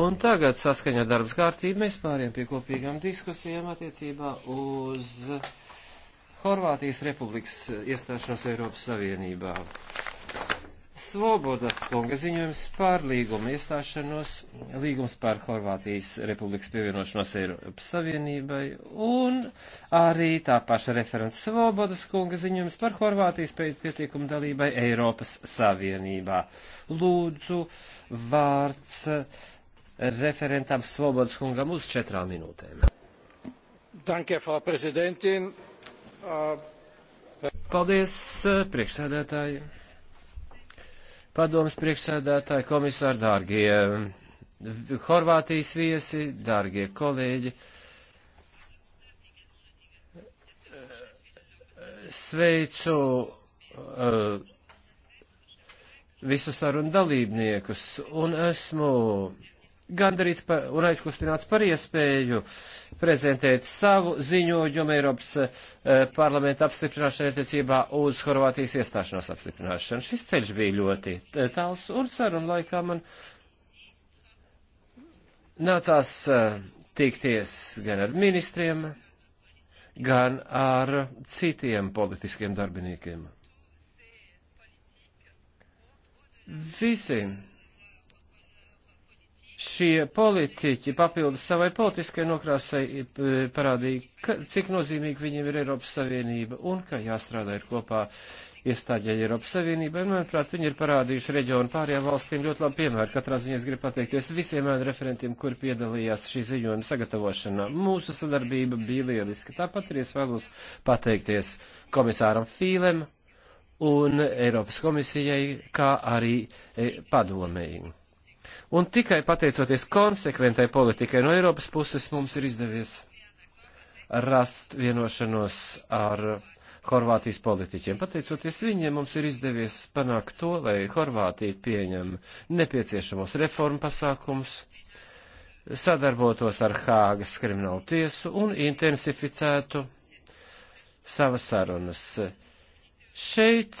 Un tagad saskaņā darbs kārtību mēs pāriem pie kopīgām diskusijām attiecībā uz Horvātijas republikas iestāšanos Eiropas Savienībā. Svobodas kunga ziņojums par līgumu iestāšanos, līgums par Horvātijas republikas pievienošanos Eiropas Savienībai un arī tā paša referents Svobodas kunga ziņojums par Horvātijas pietiekumu dalībai Eiropas Savienībā. Lūdzu, vārds referentam Svobodas kungam uz četrām minūtēm. Danke, Frau Präsidentin. Uh... Paldies, priekšsēdētāji. Padomas priekšsēdētāji, komisāri, dārgie eh, Horvātijas viesi, dārgie kolēģi. Sveicu uh, visus sarunu dalībniekus un esmu gandarīts par, un aizkustināts par iespēju prezentēt savu ziņojumu Eiropas e, parlamenta apstiprināšanai attiecībā uz Horvātijas iestāšanos apstiprināšanu. Šis ceļš bija ļoti eh, tāls un saruna laikā man nācās e, tikties gan ar ministriem, gan ar citiem politiskiem darbiniekiem. Visi šie politiķi papildus savai politiskai nokrāsai e, parādīja, ka, cik nozīmīgi viņiem ir Eiropas Savienība un ka jāstrādā ir kopā iestādē Eiropas Savienībai. Manuprāt, viņi ir parādījuši reģionu pārējām valstīm ļoti labu piemēru. Katrā ziņā es gribu pateikties visiem ēnu referentiem, kur piedalījās šī ziņojuma sagatavošanā. Mūsu sadarbība bija lieliska. Tāpat arī es vēlos pateikties komisāram Fīlem un Eiropas komisijai, kā arī e, padomēji. Un tikai pateicoties konsekventai politikai no Eiropas puses mums ir izdevies rast vienošanos ar Horvātijas politiķiem. Pateicoties viņiem, mums ir izdevies panākt to, lai Horvātija pieņem nepieciešamos reformu pasākumus, sadarbotos ar Hāgas kriminālu tiesu un intensificētu savas sarunas. Šeit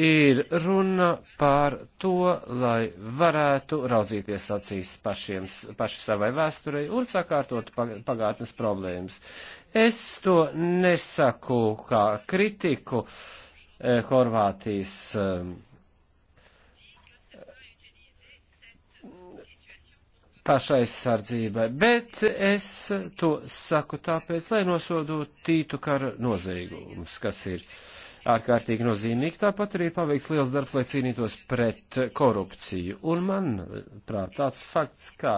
ir runa par to, lai varētu raudzīties acīs pašiem, paši savai vēsturei un sakārtot pagātnes problēmas. Es to nesaku kā kritiku eh, Horvātijas. Eh, pašaizsardzībai, bet es to saku tāpēc, lai nosodotu tītu kara noziegumus, kas ir uh, ārkārtīgi nozīmīgi. Tāpat arī ir paveikts liels darbs, lai cīnītos pret korupciju. Un man, prāt, tāds fakts, ka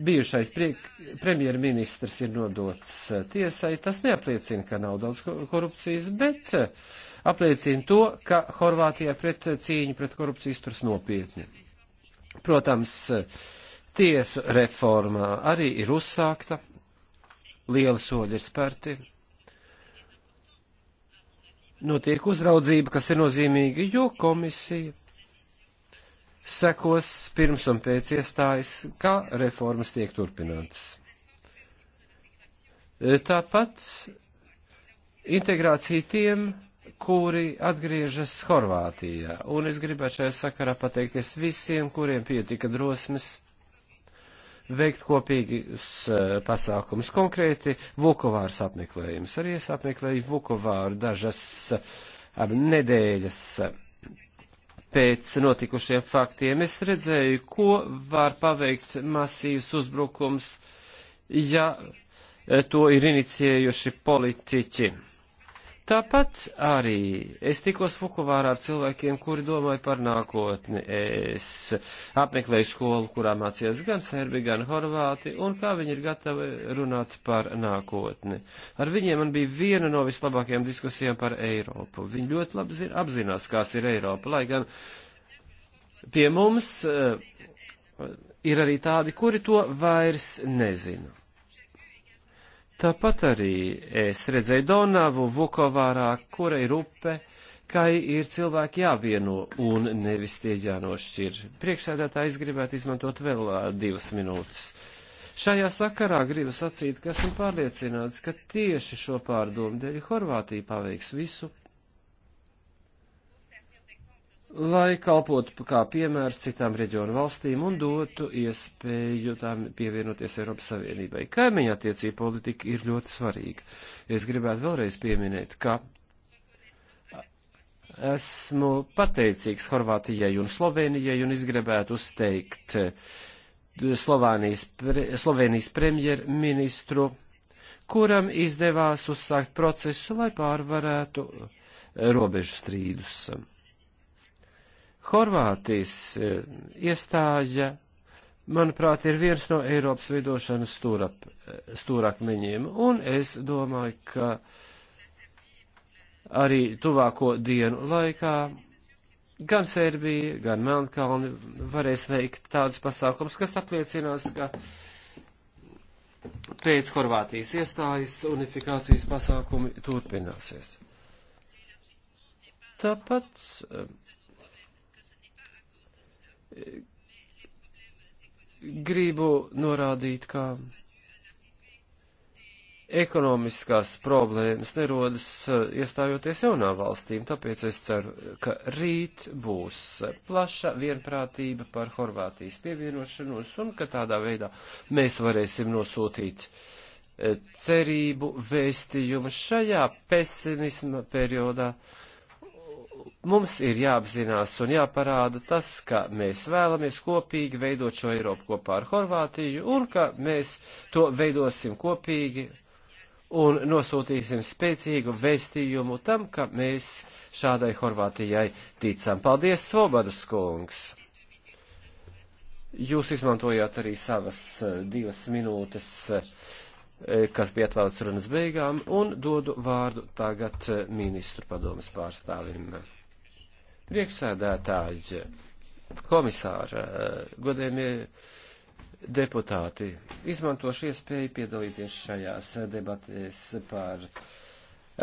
bijušais priek, premjerministrs ir nodots tiesai, tas neapliecina, ka nav daudz korupcijas, bet apliecina to, ka Horvātijā pret cīņu pret korupciju izturs nopietni. Protams, tiesu reforma arī ir uzsākta, lieli soļi ir spērti, notiek uzraudzība, kas ir nozīmīga, jo komisija sekos pirms un pēc iestājas, kā reformas tiek turpinātas. E, tāpat integrācija tiem, kuri atgriežas Horvātijā, un es gribētu šajā sakarā pateikties visiem, kuriem pietika drosmes veikt kopīgus eh, pasākumus. Konkrēti, Vukovārs apmeklējums. Arī es apmeklēju Vukovāru dažas eh, nedēļas eh, pēc notikušiem faktiem. Es redzēju, ko var paveikt masīvs uzbrukums, ja to ir inicijējuši politiķi Tāpat arī es tikos Fukovārā ar cilvēkiem, kuri domāja par nākotni. Es apmeklēju skolu, kurā mācījās gan serbi, gan horvāti, un kā viņi ir gatavi runāt par nākotni. Ar viņiem man bija viena no vislabākajām diskusijām par Eiropu. Viņi ļoti labi zin, apzinās, kas ir Eiropa, lai gan pie mums uh, ir arī tādi, kuri to vairs nezina. Tāpat arī es redzēju Donavu, Vukovārā, kura ir upe, kai ir cilvēki jāvieno un nevis tie jānošķir. Priekšsēdētājs gribētu izmantot vēl divas minūtes. Šajā sakarā gribu sacīt, ka esmu pārliecināts, ka tieši šo pārdomu dēļ Horvātija paveiks visu, lai kalpotu kā piemērs citām reģionu valstīm un dotu iespēju tām pievienoties Eiropas Savienībai. Kaimiņa attiecība politika ir ļoti svarīga. Es gribētu vēlreiz pieminēt, ka esmu pateicīgs Horvātijai un Slovenijai un es gribētu uzteikt Slovānijas, pre, Slovenijas premjerministru, kuram izdevās uzsākt procesu, lai pārvarētu robežu strīdus. Horvātijas e, iestāja, manuprāt, ir viens no Eiropas vidošanas stūrap, e, stūrakmeņiem, un es domāju, ka arī tuvāko dienu laikā gan Serbija, gan Melnkalni varēs veikt tādus pasākums, kas apliecinās, ka pēc Horvātijas iestājas unifikācijas pasākumi turpināsies. Tāpat e, gribu norādīt, ka ekonomiskās problēmas nerodas eh, iestājoties jaunā valstīm, tāpēc es ceru, ka rīt būs plaša vienprātība par Horvātijas pievienošanos un ka tādā veidā mēs varēsim nosūtīt eh, cerību vēstījumu šajā pesimisma periodā. Uh, mums ir jāapzinās un jāparāda tas, ka mēs vēlamies kopīgi veidot šo Eiropu kopā ar Horvātiju un ka mēs to veidosim kopīgi un nosūtīsim spēcīgu vēstījumu tam, ka mēs šādai Horvātijai ticam. Paldies, Svobodas kungs! Jūs izmantojāt arī savas eh, divas minūtes eh, E, kas bija atvēlēts runas beigām, un dodu vārdu tagad e, ministru padomas pārstāvim. Priekšsēdētāji, komisāri, e, godējumie deputāti, izmantošu iespēju piedalīties šajās debatēs par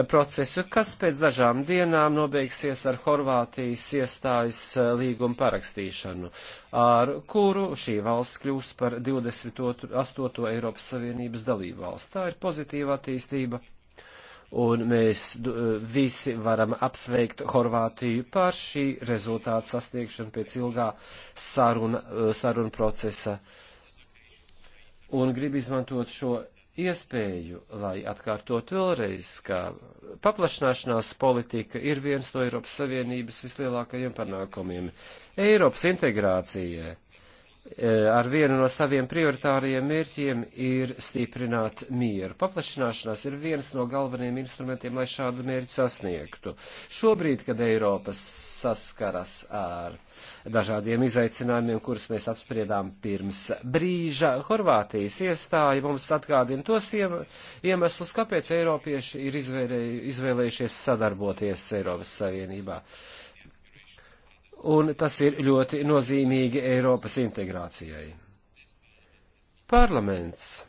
procesu, kas pēc dažām dienām nobeigsies ar Horvātijas iestājas e, līgumu parakstīšanu, ar kuru šī valsts kļūs par 28. Eiropas Savienības dalību valsts. Tā ir pozitīva attīstība. Un mēs e, visi varam apsveikt Horvātiju par šī rezultāta sasniegšanu pēc ilgā saruna, e, saruna procesa. Un gribu izmantot šo iespēju, lai atkārtot vēlreiz, ka paplašināšanās politika ir viens no Eiropas Savienības vislielākajiem panākumiem. Eiropas integrācijai Eh, ar vienu no saviem prioritāriem mērķiem ir stiprināt mieru. Paplašināšanās ir viens no galvenajiem instrumentiem, lai šādu mērķi sasniegtu. Šobrīd, kad Eiropa saskaras ar dažādiem izaicinājumiem, kurus mēs apspriedām pirms brīža, Horvātijas iestāja mums atgādina tos iemeslus, kāpēc Eiropieši ir izvēlējušies sadarboties Eiropas Savienībā. Uh, un tas ir ļoti nozīmīgi Eiropas integrācijai. Parlaments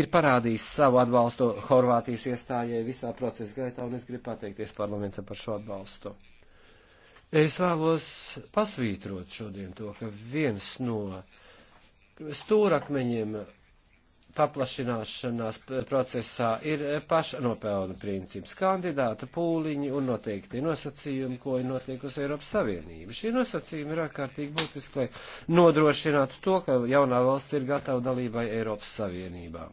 ir parādījis savu atbalstu Horvātijas iestājai visā procesa gaitā, un es gribu pateikties parlamentam par šo atbalstu. Es vēlos pasvītrot šodien to, ka viens no stūrakmeņiem paplašināšanās procesā ir eh, pašnopelnu princips, kandidāta pūliņi un noteikti nosacījumi, ko ir notiekusi Eiropas Savienība. Šie nosacījumi ir ārkārtīgi būtiski, lai nodrošinātu to, ka jaunā valsts ir gatava dalībai Eiropas Savienībā.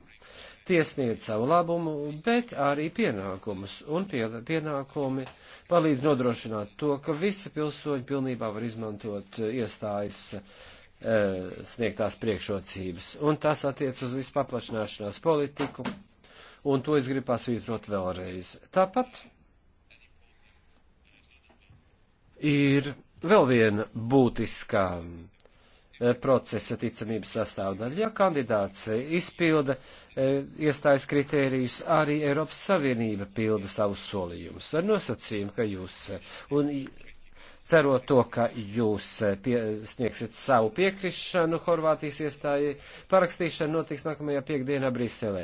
Tiesniedz savu labumu, bet arī pienākumus, un pie, pienākumi palīdz nodrošināt to, ka visi pilsoņi pilnībā var izmantot eh, iestājas uh, E, sniegtās priekšrocības. Un tas attiec uz vispaplašināšanās politiku, un to es gribu pasvītrot vēlreiz. Tāpat ir vēl viena būtiskā e, procesa ticamības sastāvdaļa. Ja kandidāts izpilda e, iestājas kritērijus, arī Eiropas Savienība pilda savus solījumus ar nosacījumu, ka jūs e, un cerot to, ka jūs eh, pie, sniegsiet savu piekrišanu Horvātijas iestājai. Parakstīšana notiks nākamajā piekdienā Briselē.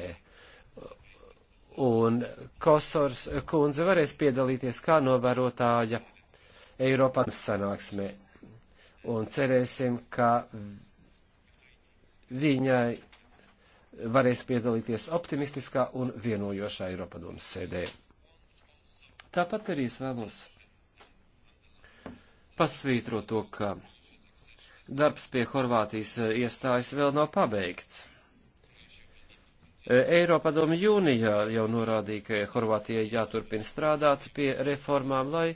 Un Kosors kundze varēs piedalīties kā novērotāja Eiropā sanāksmē. Un cerēsim, ka viņai varēs piedalīties optimistiskā un vienojošā Eiropadomas sēdē. Tāpat arī es vēlos pasvītro to, ka darbs pie Horvātijas e, iestājas vēl nav pabeigts. E, Eiropadomi jūnijā jau norādīja, ka Horvātijai jāturpina strādāt pie reformām, lai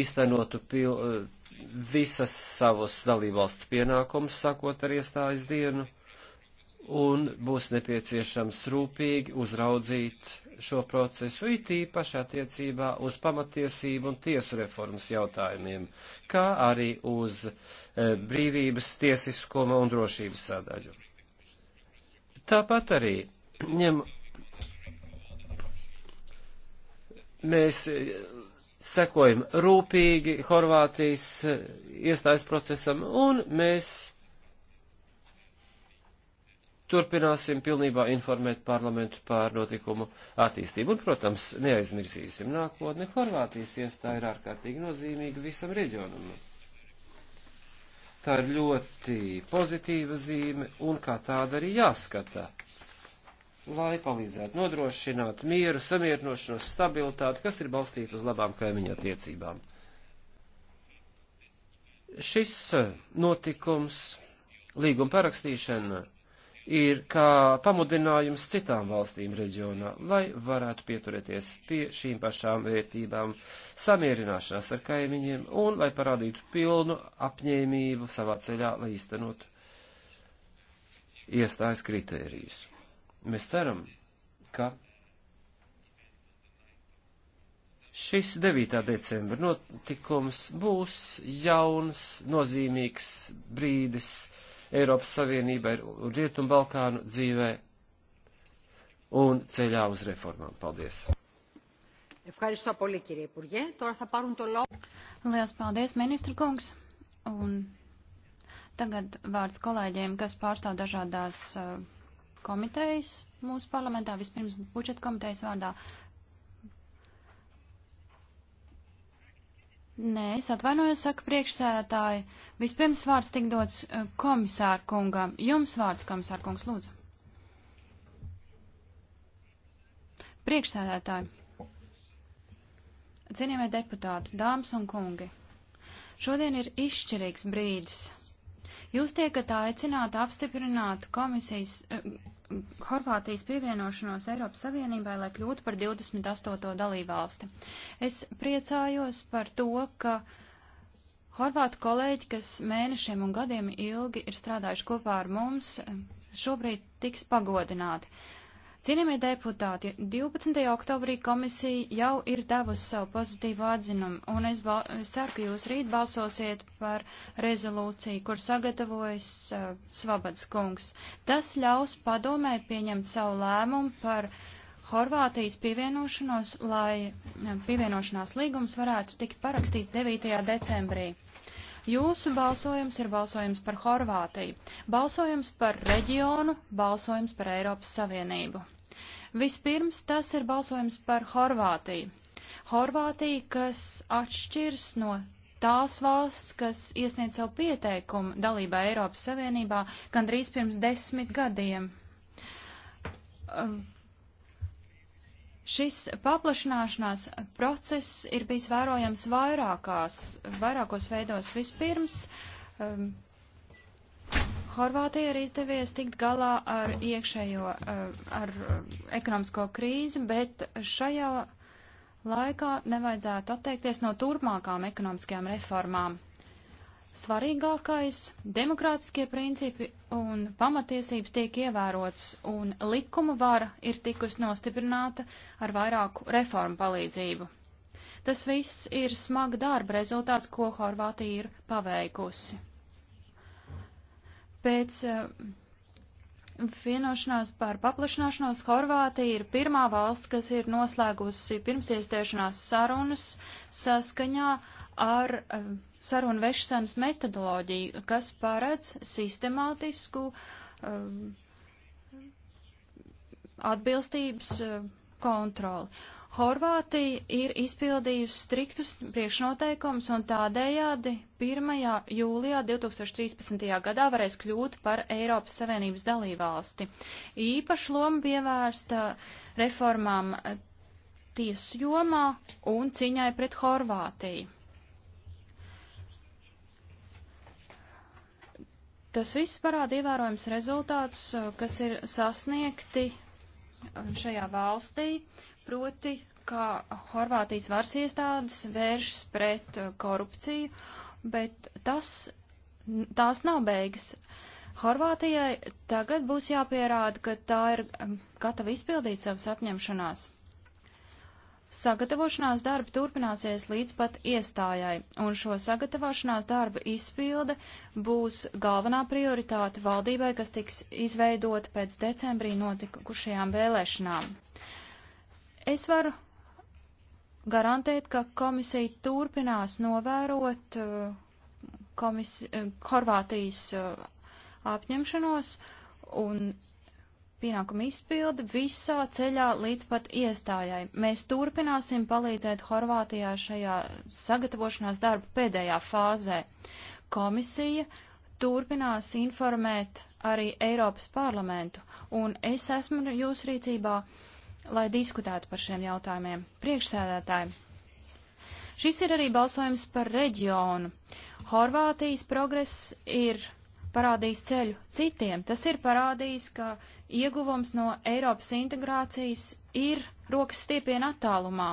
īstenotu pil, e, visas savus dalībvalsts pienākumus, sakot ar iestājas dienu un būs nepieciešams rūpīgi uzraudzīt šo procesu, it īpaši attiecībā uz pamatiesību un tiesu reformas jautājumiem, kā arī uz e, brīvības, tiesiskuma un drošības sadaļu. Tāpat arī ņem, mēs e, sekojam rūpīgi Horvātijas e, iestājas procesam un mēs turpināsim pilnībā informēt parlamentu par notikumu attīstību. Un, protams, neaizmirsīsim nākotni. Horvātijas iestāja ir ārkārtīgi nozīmīga visam reģionam. Tā ir ļoti pozitīva zīme un kā tāda arī jāskatā, lai palīdzētu nodrošināt mieru, samierinošanos, stabilitāti, kas ir balstīta uz labām kaimiņa attiecībām. Šis notikums, līguma parakstīšana, ir kā pamudinājums citām valstīm reģionā, lai varētu pieturēties pie šīm pašām vērtībām, samierināšanās ar kaimiņiem un lai parādītu pilnu apņēmību savā ceļā, lai īstenot iestājas kritērijus. Mēs ceram, ka šis 9. decembra notikums būs jauns, nozīmīgs brīdis, Eiropas Savienībai un Rietumu Balkānu dzīvē un ceļā uz reformām. Paldies! Lielas paldies, ministra kungs! Un tagad vārds kolēģiem, kas pārstāv dažādās uh, komitejas mūsu parlamentā, vispirms budžeta komitejas vārdā Nē, es atvainojos, saka priekšsēdētāji. Vispirms vārds tik dots eh, komisāra kungam. Jums vārds, komisāra kungs, lūdzu. Priekšsēdētāji. Cienījamie deputāti, dāmas un kungi. Šodien ir izšķirīgs brīdis. Jūs tiekat aicināti apstiprināt komisijas, eh, Horvātijas pievienošanos Eiropas Savienībai, lai kļūtu par 28. dalībvalsti. Es priecājos par to, ka Horvātu kolēģi, kas mēnešiem un gadiem ilgi ir strādājuši kopā ar mums, šobrīd tiks pagodināti. Cienījamie deputāti, 12. oktobrī komisija jau ir devusi savu pozitīvu atzinumu, un es, es ceru, ka jūs rīt balsosiet par rezolūciju, kur sagatavojas uh, eh, Svabads kungs. Tas ļaus padomē pieņemt savu lēmumu par Horvātijas pievienošanos, lai eh, pievienošanās līgums varētu tikt parakstīts 9. decembrī. Jūsu balsojums ir balsojums par Horvātiju, balsojums par reģionu, balsojums par Eiropas Savienību. Vispirms tas ir balsojums par Horvātiju. Horvātija, kas atšķirs no tās valsts, kas iesniedz savu pieteikumu dalībā Eiropas Savienībā gandrīz pirms desmit gadiem. Uh, Šis paplašināšanās process ir bijis vērojams vairākās, vairākos veidos. Vispirms, um, Horvātija ir izdevies tikt galā ar iekšējo, uh, ar uh, ekonomisko krīzi, bet šajā laikā nevajadzētu atteikties no turpmākām ekonomiskajām reformām svarīgākais - demokrātiskie principi un pamatiesības tiek ievērots, un likuma vara ir tikusi nostiprināta ar vairāku reformu palīdzību. Tas viss ir smaga darba rezultāts, ko Horvātija ir paveikusi. Pēc eh, vienošanās par paplašināšanos Horvātija ir pirmā valsts, kas ir noslēgusi pirmsiestiešanās sarunas saskaņā ar eh, sarunu vešanas metodoloģiju, kas paredz sistemātisku um, atbilstības um, kontroli. Horvātija ir izpildījusi striktus priekšnoteikumus un tādējādi 1. jūlijā 2013. gadā varēs kļūt par Eiropas Savienības dalībvalsti. Īpaši loma pievērsta reformām tiesu jomā un ciņai pret Horvātiju. Tas viss parāda ievērojams rezultātus, uh, kas ir sasniegti uh, šajā valstī, proti, kā Horvātijas varas iestādes vēršas pret uh, korupciju, bet tas, tās nav beigas. Horvātijai tagad būs jāpierāda, ka tā ir um, gatava izpildīt savas apņemšanās. Sagatavošanās darbi turpināsies līdz pat iestājai, un šo sagatavošanās darbu izpilde būs galvenā prioritāte valdībai, kas tiks izveidota pēc decembrī notikušajām vēlēšanām. Es varu garantēt, ka komisija turpinās novērot eh, komis, eh, Horvātijas eh, apņemšanos un pienākumu izpildi visā ceļā līdz pat iestājai. Mēs turpināsim palīdzēt Horvātijā šajā sagatavošanās darba pēdējā fāzē. Komisija turpinās informēt arī Eiropas parlamentu, un es esmu jūs rīcībā, lai diskutētu par šiem jautājumiem. Priekšsēdētāji, šis ir arī balsojums par reģionu. Horvātijas progress ir parādījis ceļu citiem. Tas ir parādījis, ka ieguvums no Eiropas integrācijas ir rokas stiepiena attālumā.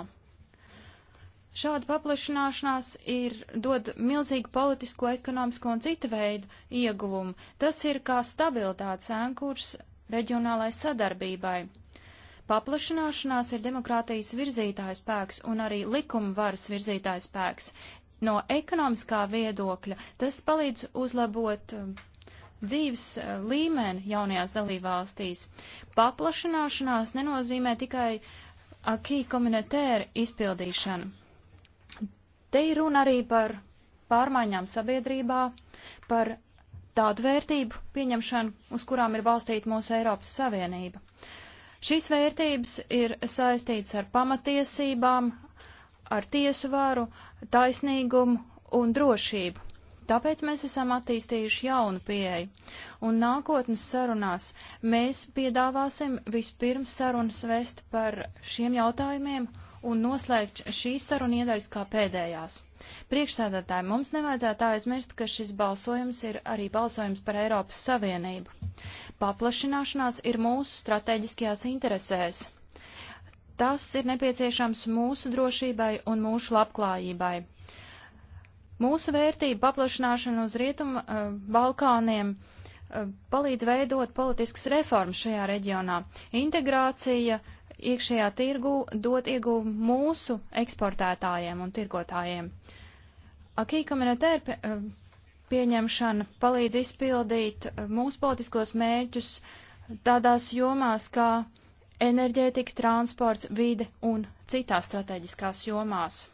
Šāda paplašināšanās ir dod milzīgu politisko, ekonomisko un cita veidu ieguvumu. Tas ir kā stabilitātes ēnkurs reģionālai sadarbībai. Paplašināšanās ir demokrātijas virzītājs spēks un arī likuma varas virzītājs spēks. No ekonomiskā viedokļa tas palīdz uzlabot um, dzīves eh, līmeni jaunajās dalībvalstīs. Paplašanāšanās nenozīmē tikai akī komunitēra izpildīšanu. Te ir runa arī par pārmaiņām sabiedrībā, par tādu vērtību pieņemšanu, uz kurām ir balstīta mūsu Eiropas Savienība. Šīs vērtības ir saistītas ar pamatiesībām, ar tiesu varu, taisnīgumu un drošību. Tāpēc mēs esam attīstījuši jaunu pieeju. Un nākotnes sarunās mēs piedāvāsim vispirms sarunas vest par šiem jautājumiem un noslēgt šīs sarunu iedaļas kā pēdējās. Priekšsēdētāji, mums nevajadzētu aizmirst, ka šis balsojums ir arī balsojums par Eiropas Savienību. Paplašināšanās ir mūsu strateģiskajās interesēs. Tas ir nepieciešams mūsu drošībai un mūsu labklājībai. Mūsu vērtību paplašināšana uz Rietumu uh, eh, Balkāniem uh, palīdz veidot politiskas reformas šajā reģionā. Integrācija iekšējā tirgu dot iegūmu mūsu eksportētājiem un tirgotājiem. Akī komunitēra uh, eh, pieņemšana palīdz izpildīt mūsu politiskos mēģus tādās jomās kā enerģētika, transports, vide un citās strateģiskās jomās.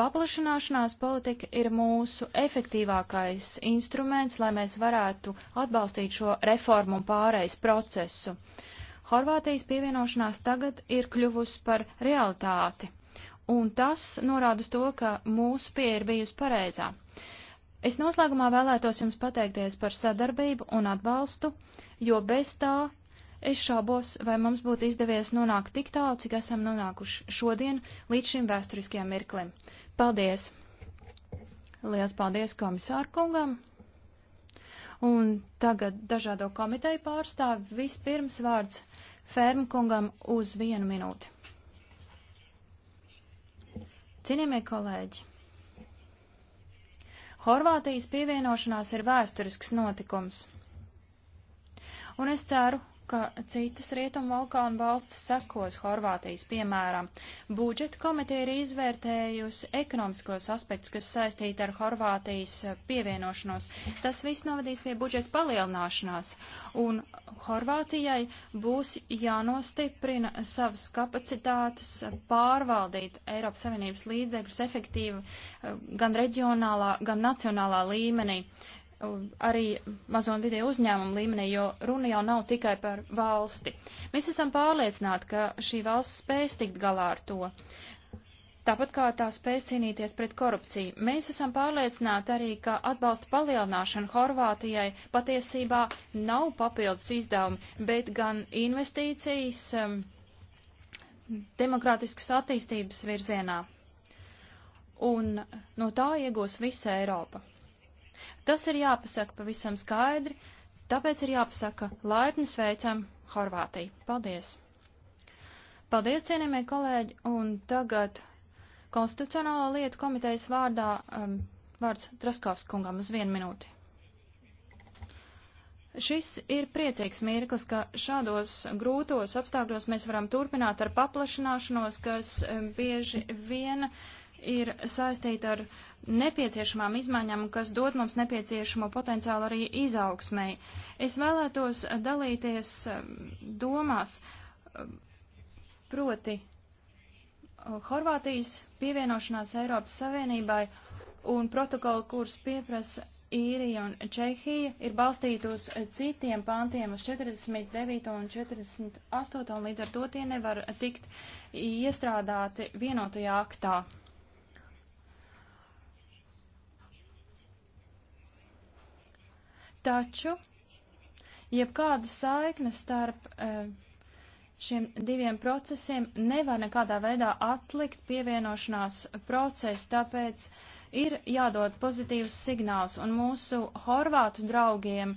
Paplašanāšanās politika ir mūsu efektīvākais instruments, lai mēs varētu atbalstīt šo reformu un pārejas procesu. Horvātijas pievienošanās tagad ir kļuvusi par realitāti, un tas norāda uz to, ka mūsu pieeja ir bijusi pareizā. Es noslēgumā vēlētos jums pateikties par sadarbību un atbalstu, jo bez tā Es šaubos, vai mums būtu izdevies nonākt tik tālu, cik esam nonākuši šodien līdz šim vēsturiskajam mirklim. Paldies! Lielas paldies komisāru kungam! Un tagad dažādo komiteju pārstāv vispirms vārds Ferma kungam uz vienu minūti. Cienījamie kolēģi! Horvātijas pievienošanās ir vēsturisks notikums. Un es ceru, ka citas Rietumvalkānu valstis sekos Horvātijas piemēram. Budžeta komiteja ir izvērtējusi ekonomiskos aspektus, kas saistīti ar Horvātijas pievienošanos. Tas viss novadīs pie budžeta palielināšanās, un Horvātijai būs jānostiprina savas kapacitātes pārvaldīt Eiropas Savienības līdzekļus efektīvi eh, gan reģionālā, gan nacionālā līmenī arī mazo un vidēju uzņēmumu līmenī, jo runa jau nav tikai par valsti. Mēs esam pārliecināti, ka šī valsts spēs tikt galā ar to. Tāpat kā tā spēs cīnīties pret korupciju, mēs esam pārliecināti arī, ka atbalsta palielināšana Horvātijai patiesībā nav papildus izdevumi, bet gan investīcijas um, demokrātiskas attīstības virzienā. Un no tā iegūs visa Eiropa. Tas ir jāpasaka pavisam skaidri, tāpēc ir jāpasaka laipni sveicam Horvātiju. Paldies! Paldies, cienījamie kolēģi, un tagad Konstitucionālo lietu komitejas vārdā um, vārds Traskovs kungam uz vienu minūti. Šis ir priecīgs mirklis, ka šādos grūtos apstākļos mēs varam turpināt ar paplašināšanos, kas um, bieži vien ir saistīta ar nepieciešamām izmaiņām, kas dod mums nepieciešamo potenciālu arī izaugsmēji. Es vēlētos dalīties um, domās um, proti uh, Horvātijas pievienošanās Eiropas Savienībai un protokolu, kurus pieprasa Īrija un Čehija, ir balstīti uz citiem pantiem, uz 49 un 48, un līdz ar to tie nevar tikt iestrādāti vienotajā aktā. Taču jebkāda saikne starp e, šiem diviem procesiem nevar nekādā veidā atlikt pievienošanās procesu, tāpēc ir jādod pozitīvs signāls. Un mūsu horvātu draugiem,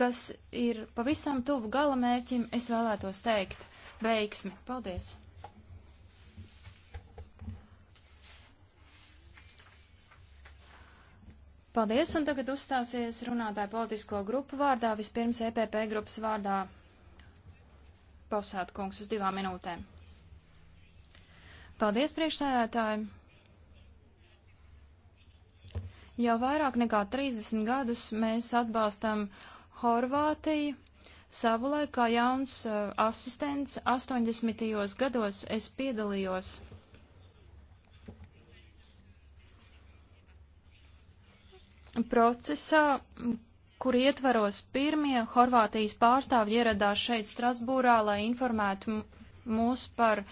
kas ir pavisam tuvu galamērķim, es vēlētos teikt veiksmi. Paldies! Paldies, un tagad uzstāsies runātāja politisko grupu vārdā, vispirms EPP grupas vārdā Posāta kungs uz divām minūtēm. Paldies, priekšsēdētāji! Jau vairāk nekā 30 gadus mēs atbalstam Horvātiju. Savulaik kā jauns uh, asistents 80. gados es piedalījos procesā, kur ietvaros pirmie Horvātijas pārstāvji ieradās šeit Strasbūrā, lai informētu mūs par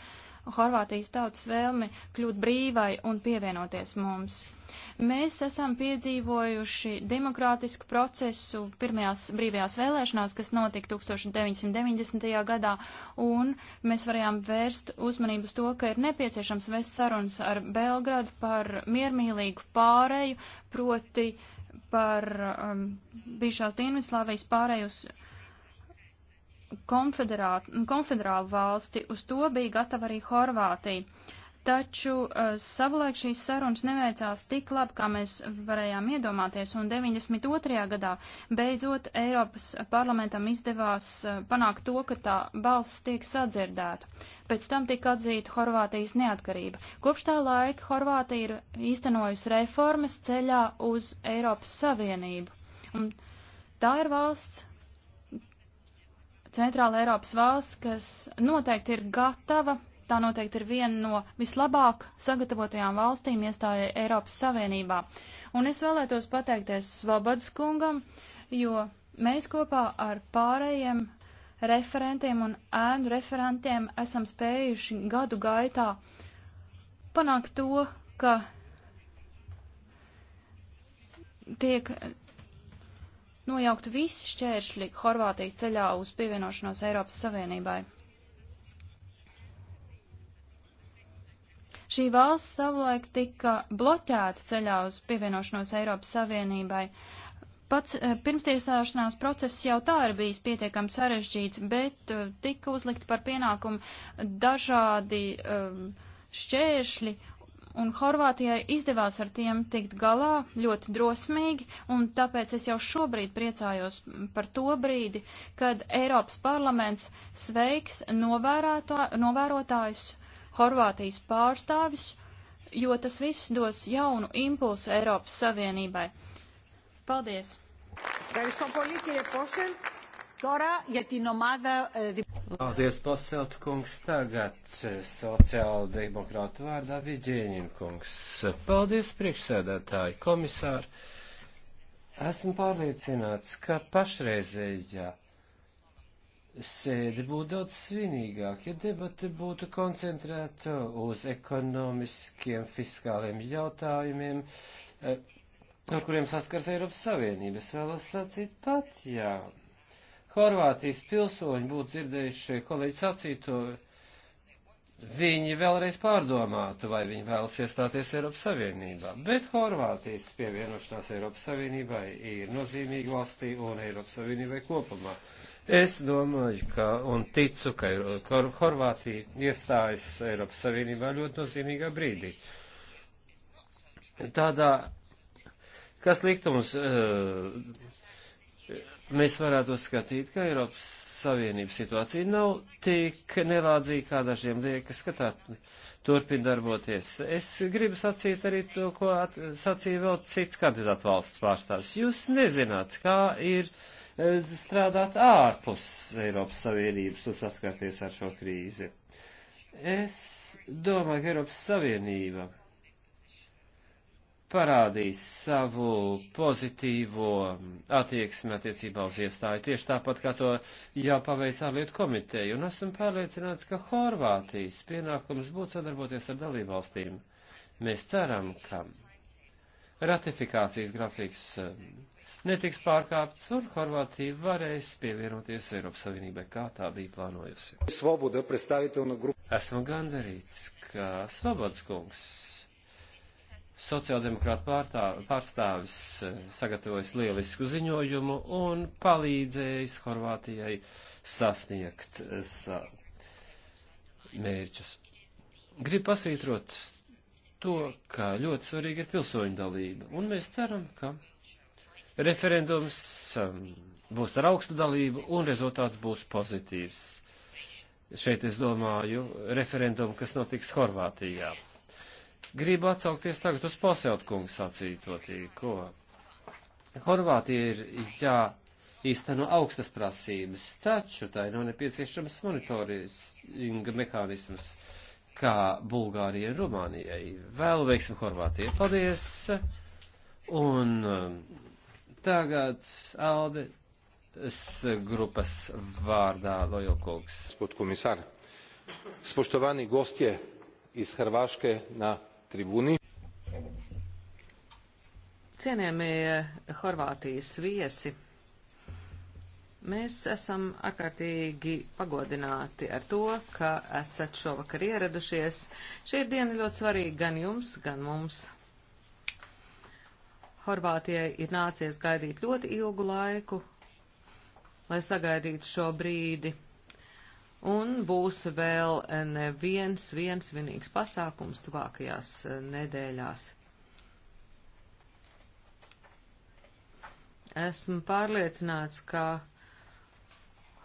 Horvātijas tautas vēlmi kļūt brīvai un pievienoties mums. Mēs esam piedzīvojuši demokrātisku procesu pirmajās brīvajās vēlēšanās, kas notika 1990. gadā, un mēs varējām vērst uzmanību uz to, ka ir nepieciešams vest sarunas ar Belgradu par miermīlīgu pāreju, proti uh, par um, bijušās Dienvidslāvijas pārējus konfederālu valsti, uz to bija gatava arī Horvātija. Taču uh, savulaik šīs sarunas neveicās tik labi, kā mēs varējām iedomāties, un 92. gadā beidzot Eiropas parlamentam izdevās uh, panākt to, ka tā balss tiek sadzirdēta. Pēc tam tika atzīta Horvātijas neatkarība. Kopš tā laika Horvātija ir īstenojusi reformas ceļā uz Eiropas Savienību. Un tā ir valsts, Centrāla Eiropas valsts, kas noteikti ir gatava tā noteikti ir viena no vislabāk sagatavotajām valstīm iestājai Eiropas Savienībā. Un es vēlētos pateikties Svobodas kungam, jo mēs kopā ar pārējiem referentiem un ēnu referentiem esam spējuši gadu gaitā panākt to, ka tiek nojaukt visi šķēršļi Horvātijas ceļā uz pievienošanos Eiropas Savienībai. Šī valsts savulaik tika bloķēta ceļā uz pievienošanos Eiropas Savienībai. Pats eh, pirmstiesāšanās process jau tā ir bijis pietiekami sarežģīts, bet eh, tika uzlikt par pienākumu dažādi um, šķēršļi, un Horvātijai izdevās ar tiem tikt galā ļoti drosmīgi, un tāpēc es jau šobrīd priecājos par to brīdi, kad Eiropas parlaments sveiks novērotājus Horvātijas pārstāvis, jo tas viss dos jaunu impulsu Eiropas Savienībai. Paldies! Paldies, Paselt kungs, tagad sociāla demokrāta vārdā Viģēņina kungs. Paldies, priekšsēdētāji, komisāri. Esmu pārliecināts, ka pašreizējā. Ja sēde būtu daudz svinīgāka, ja debate būtu koncentrēta uz ekonomiskiem, fiskāliem jautājumiem, eh, ar kuriem saskars Eiropas Savienība. Es vēlos sacīt pat, jā. Horvātijas pilsoņi būtu dzirdējuši kolēģi sacīto, viņi vēlreiz pārdomātu, vai viņi vēlas iestāties Eiropas Savienībā. Bet Horvātijas pievienošanās Eiropas Savienībai ir nozīmīga valstī un Eiropas Savienībai kopumā. Es domāju, ka un ticu, ka Horvātija iestājas Eiropas Savienībā ļoti nozīmīgā brīdī. Tādā, kas liktu mums, eh, mēs varētu uzskatīt, ka Eiropas Savienības situācija nav tik nelādzīga, kā dažiem liekas, ka tā turpina darboties. Es gribu sacīt arī to, ko sacīja vēl cits kandidātu valsts pārstāvis. Jūs nezināt, kā ir e, strādāt ārpus Eiropas Savienības un saskarties ar šo krīzi. Es domāju, ka Eiropas Savienība parādīs savu pozitīvo attieksmi attiecībā uz iestāju, tieši tāpat kā to jau paveic ārlietu komiteju, un esmu pārliecināts, ka Horvātijas pienākums būtu sadarboties ar dalībvalstīm. Mēs ceram, ka ratifikācijas grafiks eh, netiks pārkāpts, un Horvātija varēs pievienoties Eiropas Savienībai, kā tā bija plānojusi. Svoboda, Esmu gandarīts, ka Svobods kungs sociāldemokrāta pārstāvis eh, sagatavojis lielisku ziņojumu un palīdzējis Horvātijai sasniegt eh, sa mērķus. Gribu pasvītrot to, ka ļoti svarīga ir pilsoņu dalība, un mēs ceram, ka referendums eh, būs ar augstu dalību un rezultāts būs pozitīvs. Šeit es domāju referendumu, kas notiks Horvātijā. Gribu atsaukties tagad uz Poseltkungu sacīto tīko. Horvātija ir jā īsteno augstas prasības, taču tā ir nav nepieciešams monitoringa mehānisms, kā Bulgārijai un Rumānijai. Vēl veiksim Horvātijai. Paldies! Un um, tagad Alde grupas vārdā Lojokungs. Gospod komisār, spoštovani gostie, iz Hrvaške na tribuni. Cienījamie Horvātijas viesi, mēs esam ārkārtīgi pagodināti ar to, ka esat šovakar ieradušies. Šī ir diena ļoti svarīga gan jums, gan mums. Horvātijai ir nācies gaidīt ļoti ilgu laiku, lai sagaidītu šo brīdi un būs vēl eh, neviens, viens vienīgs pasākums tuvākajās eh, nedēļās. Esmu pārliecināts, ka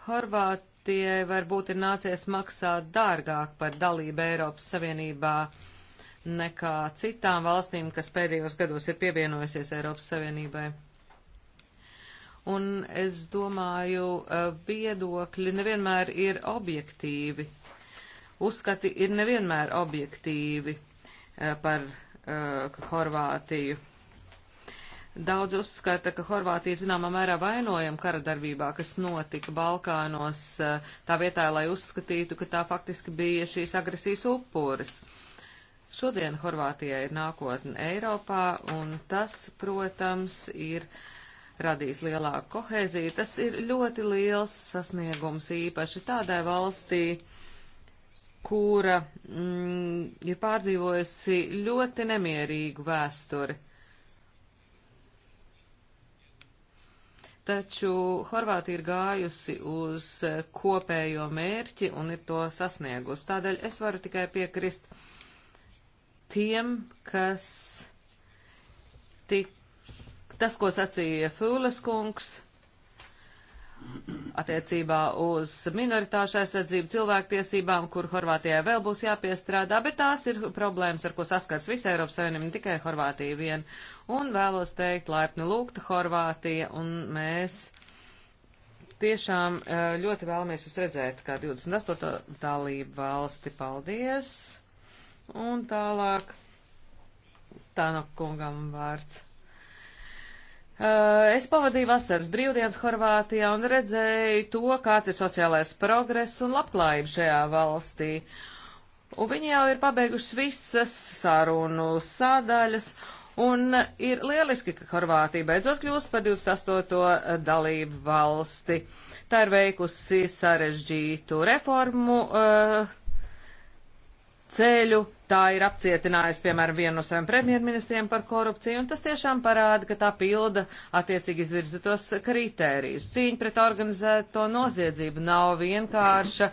Horvātijai varbūt ir nācies maksāt dārgāk par dalību Eiropas Savienībā nekā citām valstīm, kas pēdējos gados ir pievienojusies Eiropas Savienībai un es domāju, viedokļi nevienmēr ir objektīvi. Uzskati ir nevienmēr objektīvi par uh, Horvātiju. Daudz uzskata, ka Horvātija zināmā mērā vainojama kara darbībā, kas notika Balkānos tā vietā, lai uzskatītu, ka tā faktiski bija šīs agresijas upuris. Šodien Horvātijai ir nākotne Eiropā, un tas, protams, ir uh, radīs lielāku kohēziju. Tas ir ļoti liels sasniegums īpaši tādai valstī, kura mm, ir pārdzīvojusi ļoti nemierīgu vēsturi. Taču Horvātija ir gājusi uz kopējo mērķi un ir to sasniegusi. Tādēļ es varu tikai piekrist tiem, kas tik tas, ko sacīja Fūles kungs attiecībā uz minoritāšu aizsardzību cilvēktiesībām, kur Horvātijai vēl būs jāpiestrādā, bet tās ir problēmas, ar ko saskars visa Eiropas Savienība, ne tikai Horvātija vien. Un vēlos teikt laipni lūgta Horvātija, un mēs tiešām eh, ļoti vēlamies jūs redzēt kā 28. dalību valsti. Paldies! Un tālāk Tanokungam vārds. Eh, es pavadīju vasaras brīvdienas Horvātijā un redzēju to, kāds ir sociālais progress un labklājība šajā valstī. Un viņi jau ir pabeiguši visas sarunu sādaļas, un ir lieliski, ka Horvātija beidzot kļūst par 28. dalību valsti. Tā ir veikusi sarežģītu reformu uh, ceļu, tā ir apcietinājusi, piemēram, vienu no saviem premjerministriem par korupciju, un tas tiešām parāda, ka tā pilda attiecīgi izvirzītos kritērijus. Cīņa pret organizēto noziedzību nav vienkārša.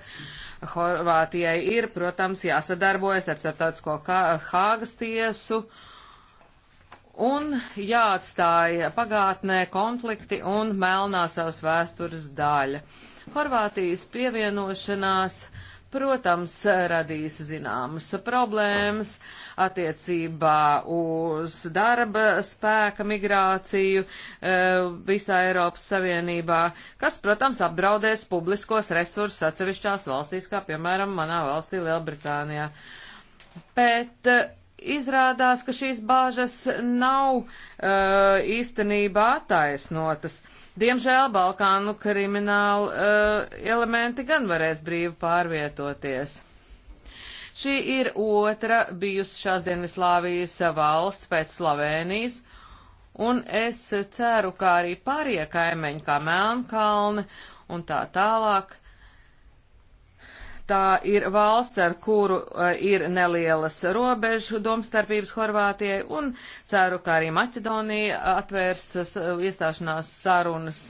Horvātijai ir, protams, jāsadarbojas ar starptautisko Hāgas tiesu un jāatstāja pagātnē konflikti un melnā savas vēstures daļa. Horvātijas pievienošanās uh, protams, radīs zināmas problēmas attiecībā uz darba spēka migrāciju eh, visā Eiropas Savienībā, kas, protams, apdraudēs publiskos resursus atsevišķās valstīs, kā piemēram manā valstī Lielbritānijā. Bet eh, izrādās, ka šīs bāžas nav eh, īstenībā attaisnotas. Uh, Diemžēl Balkānu kriminālu uh, eh, elementi gan varēs brīvi pārvietoties. Šī ir otra bijusi šās Dienvidslāvijas valsts pēc Slovēnijas, un es ceru, kā arī pārie kaimiņi, kā Melnkalne un tā tālāk, Tā ir valsts, ar kuru uh, ir nelielas robežu domstarpības Horvātijai, un ceru, ka arī Maķedonija e, atvērs uh, iestāšanās sarunas.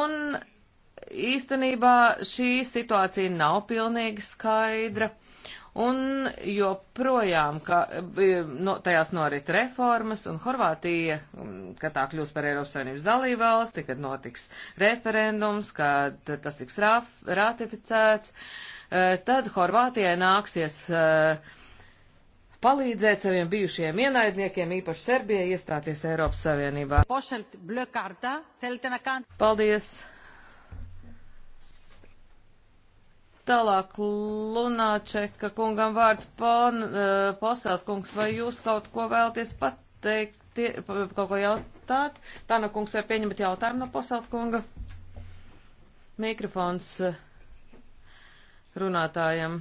Un īstenībā šī situācija nav pilnīgi skaidra un joprojām, ka e, no, tajās norit reformas, un Horvātija, mm, ka tā kļūs par Eiropas Savienības dalību valsti, kad notiks referendums, kad tas tiks raf, ratificēts, e, tad Horvātijai nāksies e, palīdzēt saviem bijušajiem ienaidniekiem, īpaši Serbijai, iestāties Eiropas Savienībā. Paldies! Tālāk Lunāčeka kungam vārds pon, uh, poselt kungs, vai jūs kaut ko vēlties pateikt, tie, kaut ko jautāt? Tāna no kungs, vai pieņemat jautājumu no poselt kunga? Mikrofons eh, runātājam.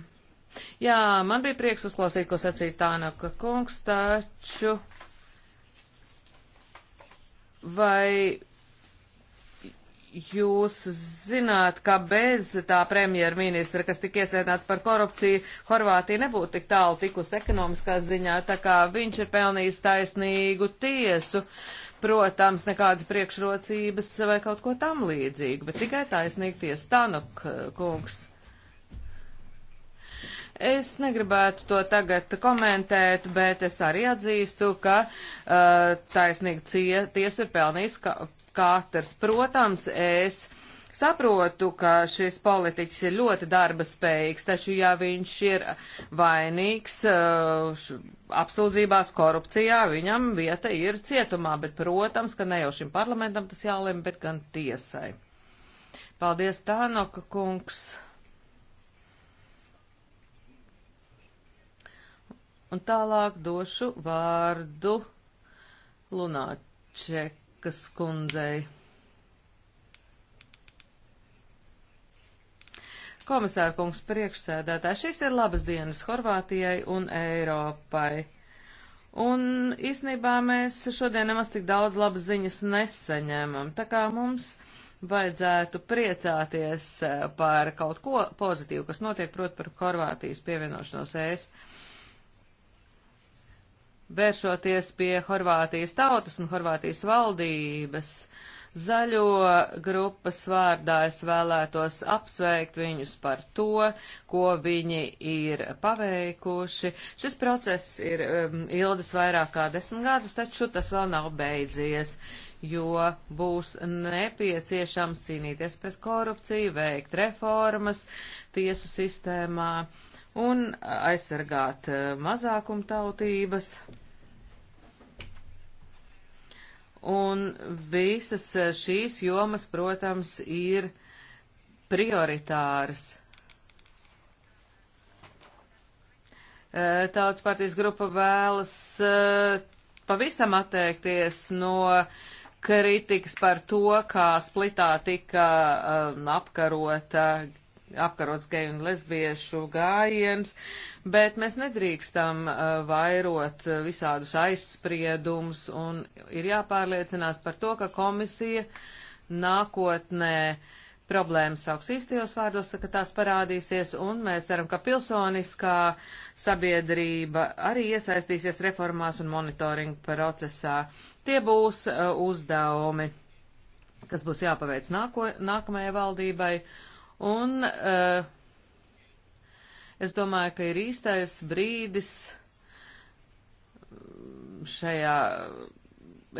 Jā, man bija prieks uzklausīt, ko sacīja Tānaka kungs, taču vai Jūs zināt, ka bez tā premjerministra, kas tika iesēdināts par korupciju, Horvātija nebūtu tik tālu tikus ekonomiskā ziņā, tā kā viņš ir pelnījis taisnīgu tiesu. Protams, nekādas priekšrocības vai kaut ko tam līdzīgu, bet tikai taisnīgi tiesa. Tanuk, eh, kungs. Es negribētu to tagad komentēt, bet es arī atzīstu, ka uh, eh, taisnīgi tiesa ir pelnījis katrs. Protams, es saprotu, ka šis politiķis ir ļoti darba spējīgs, taču ja viņš ir vainīgs eh, š, apsūdzībās korupcijā, viņam vieta ir cietumā, bet, protams, ka ne jau šim parlamentam tas jālem, bet gan tiesai. Paldies, Tānoka kungs. Un tālāk došu vārdu Lunāček Bakas kundzei. Komisāra kungs priekšsēdētāji, šis ir labas dienas Horvātijai un Eiropai. Un īsnībā mēs šodien nemaz tik daudz labas ziņas nesaņemam, tā kā mums vajadzētu priecāties eh, par kaut ko pozitīvu, kas notiek, prot, par Horvātijas pievienošanos ēst vēršoties pie Horvātijas tautas un Horvātijas valdības. Zaļo grupas vārdā es vēlētos apsveikt viņus par to, ko viņi ir paveikuši. Šis process ir um, ilgs vairāk kā desmit gadus, taču tas vēl nav beidzies, jo būs nepieciešams cīnīties pret korupciju, veikt reformas tiesu sistēmā. Uh, un aizsargāt eh, mazākumtautības. Un visas eh, šīs jomas, protams, ir prioritāras. Eh, tautas partijas grupa vēlas pavisam atteikties no kritikas par to, kā splitā tika apkarota apkarots geju un lesbiešu gājiens, bet mēs nedrīkstam uh, vairot uh, visādus aizspriedumus un ir jāpārliecinās par to, ka komisija nākotnē problēmas sauks īstajos vārdos, ka tās parādīsies, un mēs ceram, ka pilsoniskā sabiedrība arī iesaistīsies reformās un monitoringa procesā. Tie būs uh, uzdevumi, kas būs jāpaveic nāko, nākamajai valdībai. Uh, Un uh, es domāju, ka ir īstais brīdis šajā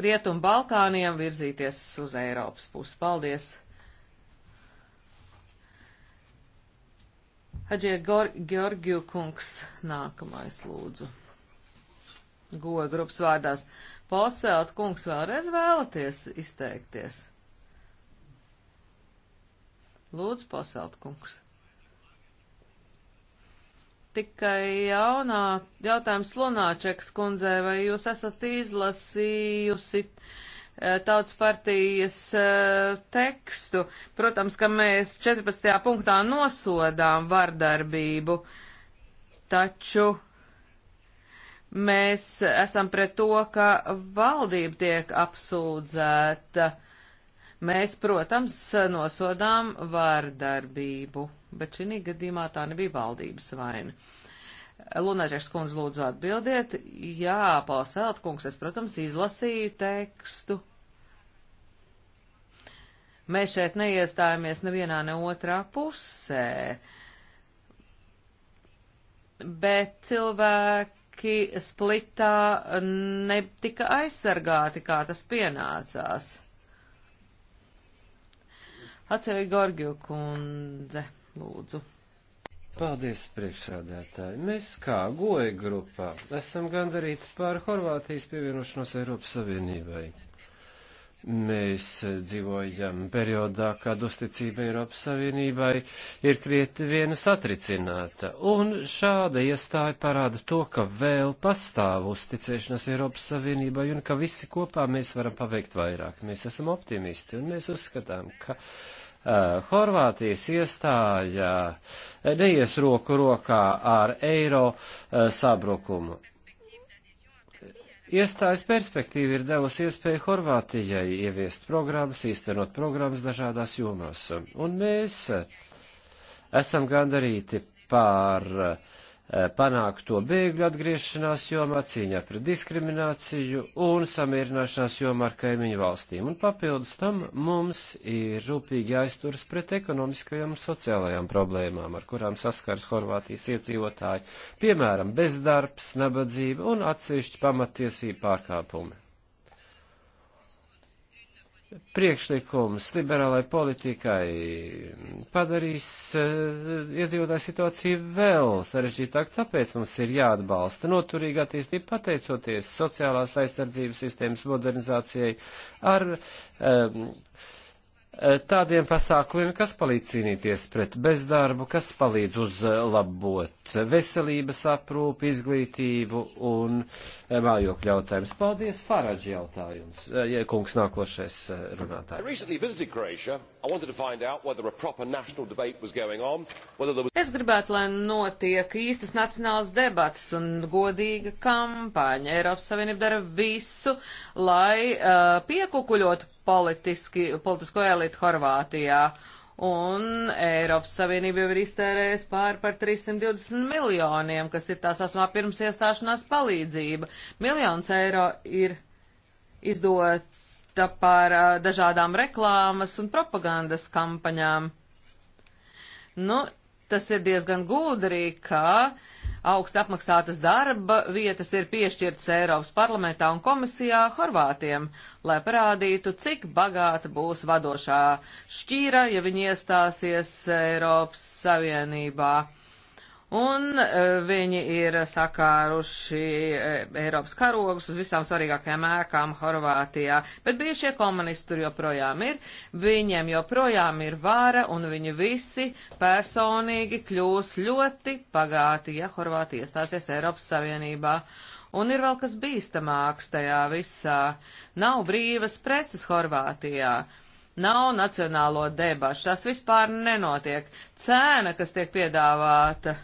Rietumu Balkāniem virzīties uz Eiropas pusi. Paldies! Haģie Georgiju kungs nākamais lūdzu. Goja grupas vārdās. Posēlt kungs vēlreiz vēlaties izteikties. Lūdzu, Poseltkungs. Tikai jaunā jautājums Lunāčeks kundzē, vai jūs esat izlasījusi eh, tautas partijas eh, tekstu? Protams, ka mēs 14. punktā nosodām vardarbību, taču mēs esam pret to, ka valdība tiek apsūdzēta. Uh, Mēs, protams, nosodām vārdarbību, bet šī gadījumā tā nebija valdības vaina. Lunačeks kundze, lūdzu atbildiet. Jā, Pauls Eltkungs, es, protams, izlasīju tekstu. Mēs šeit neiestājāmies nevienā ne otrā pusē, bet cilvēki splitā netika aizsargāti, kā tas pienācās. Atsevi Gorgiju kundze, lūdzu. Paldies, priekšsādētāji. Mēs kā goja grupā esam gandarīti par Horvātijas pievienošanos Eiropas Savienībai. Mēs eh, dzīvojam periodā, kad uzticība Eiropas Savienībai ir krietni viena satricināta, un šāda iestāja parāda to, ka vēl pastāv uzticēšanās Eiropas Savienībai un ka visi kopā mēs varam paveikt vairāk. Mēs esam optimisti un mēs uzskatām, ka. Uh, Horvātijas iestāja eh, neies roku rokā ar eiro uh, sabrukumu. Iestājas perspektīva ir devusi iespēju Horvātijai ieviest programmas, īstenot programmas dažādās jomās. Un mēs eh, esam gandarīti pār uh, eh, Eh, panākt to bēgļu atgriešanās jomā, cīņā pret diskrimināciju un samierināšanās jomā ar kaimiņu valstīm. Un papildus tam mums ir rūpīgi jāizturas pret ekonomiskajām un sociālajām problēmām, ar kurām saskars Horvātijas iedzīvotāji, piemēram, bezdarbs, nabadzība un atsevišķi pamatiesību pārkāpumi priekšlikums liberālai politikai padarīs eh, iedzīvotāju situāciju vēl sarežģītāk, tāpēc mums ir jāatbalsta noturīga attīstība pateicoties sociālās aizsardzības sistēmas modernizācijai ar um, Eh, tādiem pasākumiem, kas palīdz cīnīties pret bezdarbu, kas palīdz uzlabot veselības aprūpi, izglītību un eh, mājokļu jautājumus. Paldies, Faradži jautājums. Eh, kungs nākošais runātājs. Es gribētu, lai notiek īstas nacionālas debatas un godīga kampaņa. Eiropas Savienība dara visu, lai uh, piekukuļotu politiski, politisko elitu Horvātijā. Un Eiropas Savienība jau ir iztērējusi pār par 320 miljoniem, kas ir tā saucamā pirms iestāšanās palīdzība. Miljons eiro ir izdota par uh, dažādām reklāmas un propagandas kampaņām. Nu, tas ir diezgan gudri, ka uh, augst apmaksātas darba vietas ir piešķirtas Eiropas parlamentā un komisijā Horvātiem, lai parādītu, cik bagāta būs vadošā šķīra, ja viņi iestāsies Eiropas Savienībā un e, viņi ir sakāruši e, Eiropas karogus uz visām svarīgākajām ēkām Horvātijā. Bet bijušie komunisti tur joprojām ir, viņiem joprojām ir vara, un viņi visi personīgi kļūs ļoti pagāti, ja Horvātija iestāsies Eiropas Savienībā. Un ir vēl kas bīstamāks tajā visā. Nav brīvas preces Horvātijā nav nacionālo debašu, tas vispār nenotiek. Cēna, kas tiek piedāvāta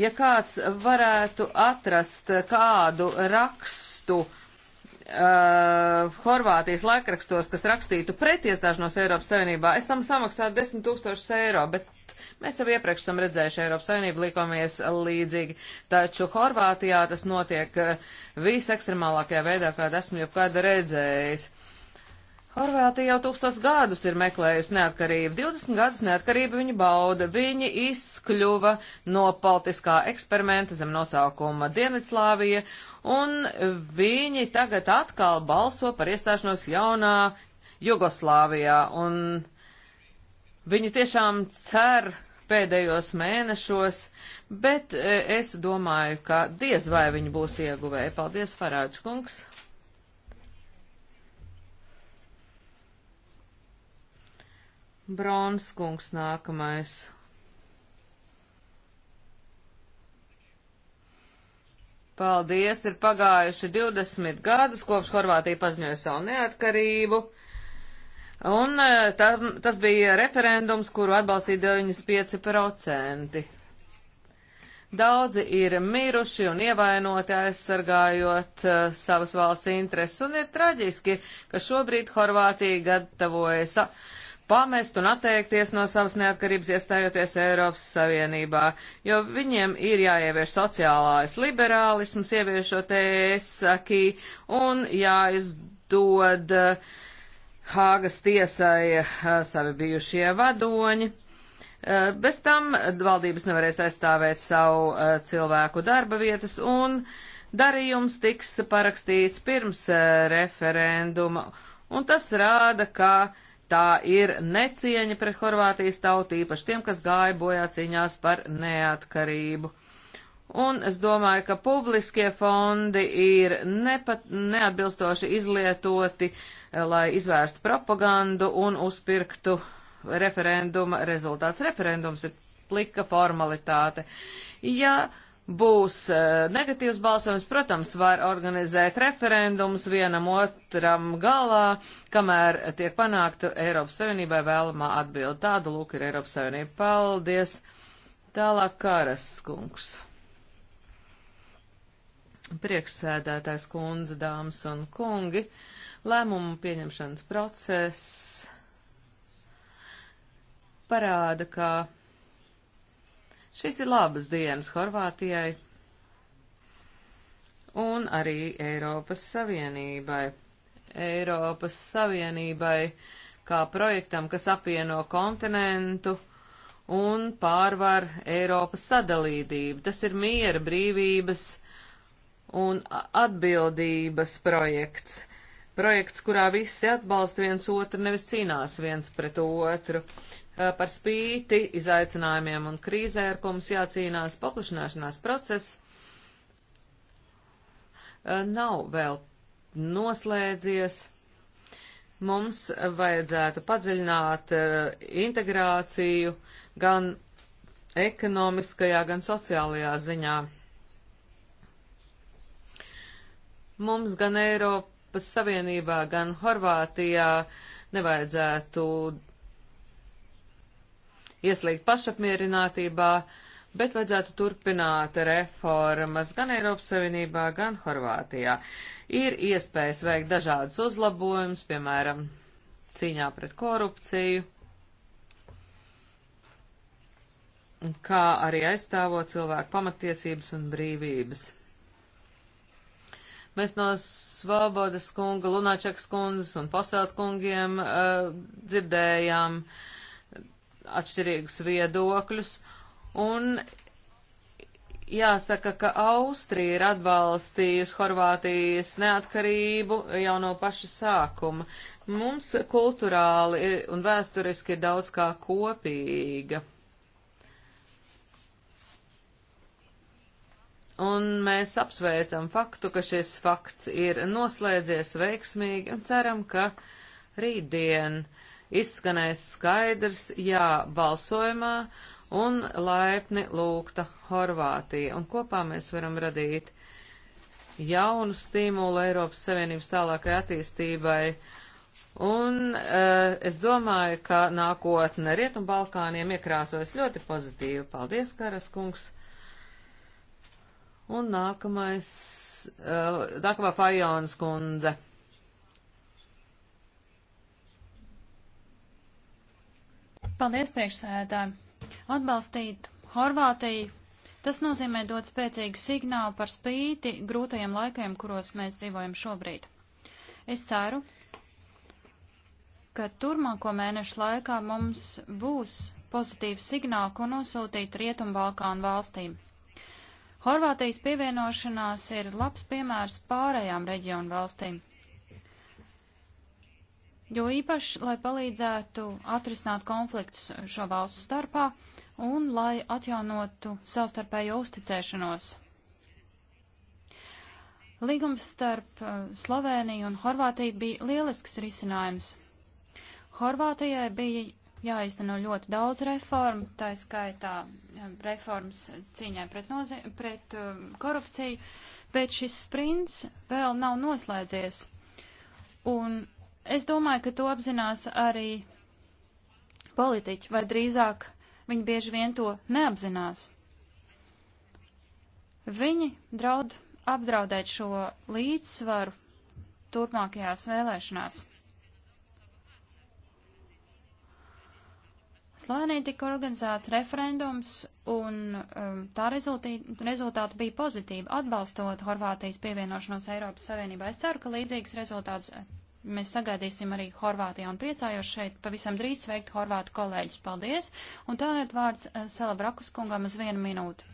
Ja kāds varētu atrast kādu rakstu uh, Horvātijas laikrakstos, kas rakstītu pretiestāšanos Eiropas Savienībā, es tam samaksātu 10 tūkstošus eiro, bet mēs jau iepriekš esam redzējuši Eiropas Savienību likomies līdzīgi. Taču Horvātijā tas notiek uh, visekstremālākajā veidā, kādu esmu jebkad redzējis. Uh, Horvātija jau tūkstos gadus ir meklējusi neatkarību. 20 gadus neatkarību viņi bauda. Viņi izkļuva no politiskā eksperimenta zem nosaukuma Dienvidslāvija, un viņi tagad atkal balso par iestāšanos jaunā Jugoslāvijā, un viņi tiešām cer pēdējos mēnešos, bet eh, es domāju, ka diez vai viņi būs ieguvēji. Paldies, Farāģis kungs! Bronskungs nākamais. Paldies, ir pagājuši 20 gadus, kopš Horvātija paziņoja savu neatkarību. Un e, tā, tas bija referendums, kuru atbalstīja 95%. Daudzi ir miruši un ievainoti aizsargājot uh, savas valsts intereses, un ir traģiski, ka šobrīd Horvātija gatavojas uh, pamest un atteikties no savas neatkarības iestājoties Eiropas Savienībā, jo viņiem ir jāievieš sociālais liberālisms, ieviešot ESAKI un jāizdod eh, Hāgas tiesai eh, savi bijušie vadoņi. Eh, bez tam valdības nevarēs aizstāvēt savu cilvēku darba vietas un darījums tiks parakstīts pirms referenduma. Un tas rāda, ka Tā ir necieņa pret Horvātijas tautu, īpaši tiem, kas gāja bojā cīņās par neatkarību. Un es domāju, ka publiskie fondi ir nepat, neatbilstoši izlietoti, eh, lai izvērstu propagandu un uzpirktu referenduma rezultāts. Referendums ir plika formalitāte. Ja būs eh, negatīvs balsojums, protams, var organizēt referendumus vienam otram galā, kamēr tiek panākta Eiropas Savienībai vēlamā atbilde. Tāda lūk ir Eiropas Savienība. Paldies! Tālāk Kāras kungs. Priekšsēdētājs kundze, dāmas un kungi, lēmumu pieņemšanas process parāda, ka Šis ir labas dienas Horvātijai un arī Eiropas Savienībai. Eiropas Savienībai kā projektam, kas apvieno kontinentu un pārvar Eiropas sadalītību. Tas ir miera, brīvības un atbildības projekts. Projekts, kurā visi atbalsta viens otru, nevis cīnās viens pret otru. Par spīti izaicinājumiem un krīzē, ar ko mums jācīnās, paplašināšanās process nav vēl noslēdzies. Mums vajadzētu padziļināt integrāciju gan ekonomiskajā, gan sociālajā ziņā. Mums gan Eiropas Savienībā, gan Horvātijā nevajadzētu ieslīgt pašapmierinātībā, bet vajadzētu turpināt reformas gan Eiropas Savienībā, gan Horvātijā. Ir iespējas veikt dažādas uzlabojumus, piemēram, cīņā pret korupciju, kā arī aizstāvot cilvēku pamatiesības un brīvības. Mēs no Svobodas kunga, Lunačekas kundzes un Posēlt kungiem uh, eh, dzirdējām uh, atšķirīgus viedokļus, un jāsaka, ka Austrija ir atbalstījusi Horvātijas neatkarību jau no paša sākuma. Mums kulturāli un vēsturiski ir daudz kā kopīga. Un mēs apsveicam faktu, ka šis fakts ir noslēdzies veiksmīgi un ceram, ka rītdien uh, izskanēs skaidrs jā balsojumā un laipni lūgta Horvātija. Un kopā mēs varam radīt jaunu stimulu Eiropas Savienības tālākai attīstībai. Un uh, es domāju, ka nākotne Rietumbalkāniem iekrāsojas ļoti pozitīvi. Paldies, Karas kungs! Un nākamais, uh, nākamā Fajonas kundze. Paldies, priekšsēdētāji. Atbalstīt Horvātiju. Tas nozīmē dot spēcīgu signālu par spīti grūtajiem laikiem, kuros mēs dzīvojam šobrīd. Es ceru, ka turmāko mēnešu laikā mums būs pozitīvs signāls, ko nosūtīt Rietumbalkānu valstīm. Horvātijas pievienošanās ir labs piemērs pārējām reģionu valstīm jo īpaši, lai palīdzētu atrisināt konfliktus šo valstu starpā un lai atjaunotu savstarpējo uzticēšanos. Līgums starp uh, Sloveniju un Horvātiju bija lielisks risinājums. Horvātijai bija jāizteno ļoti daudz reformu, tā skaitā uh, reformas cīņai pret, nozi pret uh, korupciju, bet šis sprints vēl nav noslēdzies. Un Es domāju, ka to apzinās arī politiķi, vai drīzāk viņi bieži vien to neapzinās. Viņi draud apdraudēt šo līdzsvaru turpmākajās vēlēšanās. Slovenijā tika organizēts referendums, un um, tā rezultī, rezultāti bija pozitīvi, atbalstot Horvātijas pievienošanos Eiropas Savienībā. Es ceru, ka līdzīgs rezultāts Mēs sagaidīsim arī Horvātijā un priecājos šeit pavisam drīz sveikt Horvātu kolēģus. Paldies! Un tagad vārds eh, Salavrakus kungam uz vienu minūti.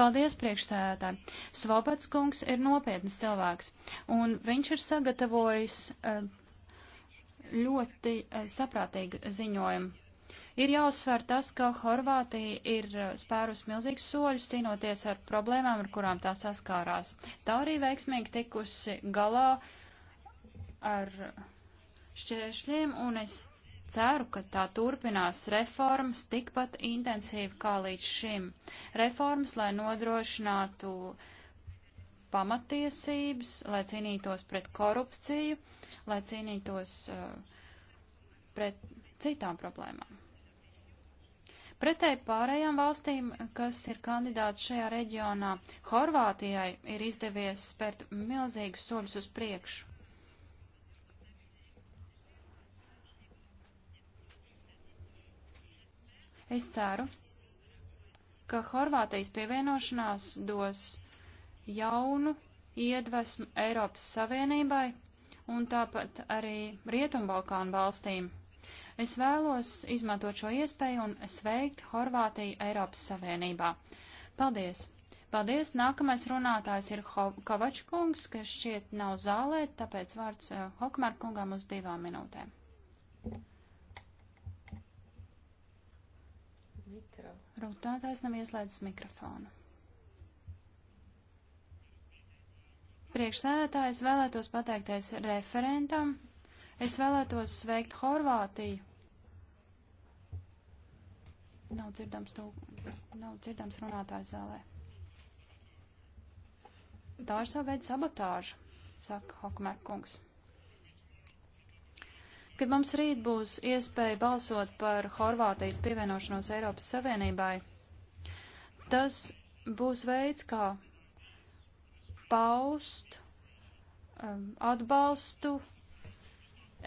Paldies, priekšsēdētāji! Svobats kungs ir nopietnas cilvēks, un viņš ir sagatavojis eh, ļoti eh, saprātīgu ziņojumu. Ir jāuzsver tas, ka Horvātija ir spērus milzīgs soļus cīnoties ar problēmām, ar kurām tā saskārās. Tā arī veiksmīgi tikusi galā ar šķēršļiem, un es ceru, ka tā turpinās reformas tikpat intensīvi kā līdz šim. Reformas, lai nodrošinātu pamatiesības, lai cīnītos pret korupciju, lai cīnītos uh, pret citām problēmām. Pretēji pārējām valstīm, kas ir kandidāti šajā reģionā, Horvātijai ir izdevies spērt milzīgus soļus uz priekšu. Es ceru, ka Horvātijas pievienošanās dos jaunu iedvesmu Eiropas Savienībai un tāpat arī Rietumbalkānu valstīm. Es vēlos izmantot šo iespēju un sveikt Horvātiju Eiropas Savienībā. Paldies! Paldies! Nākamais runātājs ir Ho Kovačkungs, kas šķiet nav zālē, tāpēc vārds uh, Hokmar kungam uz divām minūtēm. Runātājs nav ieslēdzis mikrofonu. Priekšsēdētājs vēlētos pateikties referentam. Es vēlētos sveikt Horvātiju. Nav dzirdams, tūk, nav dzirdams runātājs zālē. Tā ir sava veida sabotāža, saka Hokmēkungs. Kad mums rīt būs iespēja balsot par Horvātijas pievienošanos Eiropas Savienībai, tas būs veids, kā paust um, atbalstu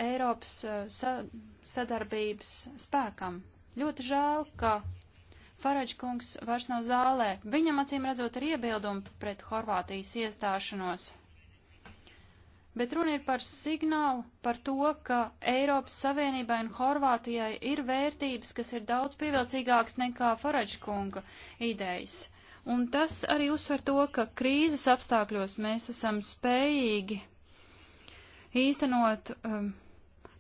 Eiropas uh, sa sadarbības spēkam. Ļoti žēl, ka Faraģis kungs vairs nav zālē. Viņam acīm redzot ir iebildumi pret Horvātijas iestāšanos bet runa ir par signālu par to, ka Eiropas Savienībai un Horvātijai ir vērtības, kas ir daudz pievilcīgākas nekā Faraģkunga idejas. Un tas arī uzsver to, ka krīzes apstākļos mēs esam spējīgi īstenot um,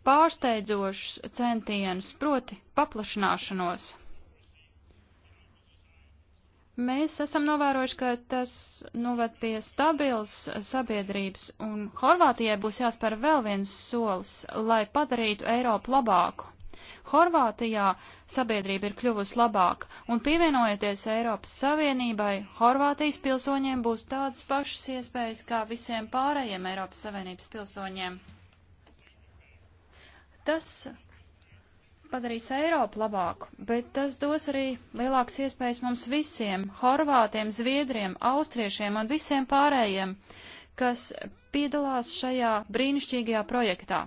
pārsteidzošus centienus, proti paplašināšanos. Mēs esam novērojuši, ka tas novad pie stabils sabiedrības, un Horvātijai būs jāspēr vēl viens solis, lai padarītu Eiropu labāku. Horvātijā sabiedrība ir kļuvusi labāka, un pievienojoties Eiropas Savienībai, Horvātijas pilsoņiem būs tādas pašas iespējas kā visiem pārējiem Eiropas Savienības pilsoņiem. Tas padarīs Eiropu labāku, bet tas dos arī lielākas iespējas mums visiem - horvātiem, zviedriem, austriešiem un visiem pārējiem, kas piedalās šajā brīnišķīgajā projektā.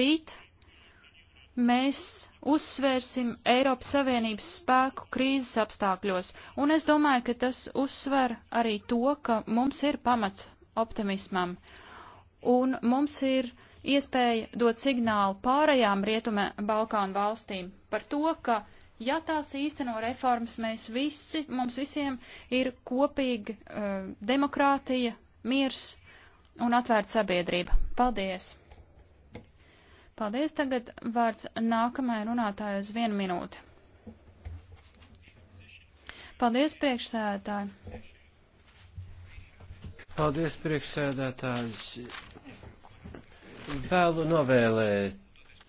Rīt mēs uzsvērsim Eiropas Savienības spēku krīzes apstākļos, un es domāju, ka tas uzsver arī to, ka mums ir pamats optimismam, un mums ir uh, iespēja dot signālu pārējām Rietume Balkānu valstīm par to, ka, ja tās īsteno reformas, mēs visi, mums visiem ir kopīga uh, demokrātija, miers un atvērta sabiedrība. Paldies! Paldies! Tagad vārds nākamajai runātāju uz vienu minūti. Paldies, priekšsēdētāji! Paldies, priekšsēdētāji! Vēlu novēlēt,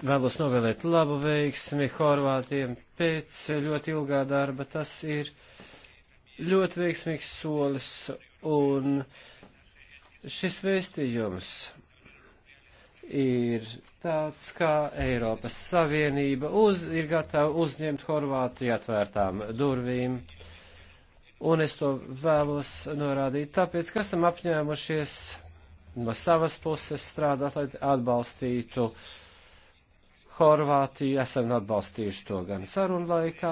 vēlos novēlēt labu veiksmi Horvātiem pēc ļoti ilgā darba. Tas ir ļoti veiksmīgs solis un šis vēstījums ir tāds, kā Eiropas Savienība uz, ir gatava uzņemt Horvātiju atvērtām durvīm. Un es to vēlos norādīt tāpēc, ka esam apņēmušies no savas puses strādāt, lai atbalstītu Horvātiju. Esam atbalstījuši to gan sarunu laikā,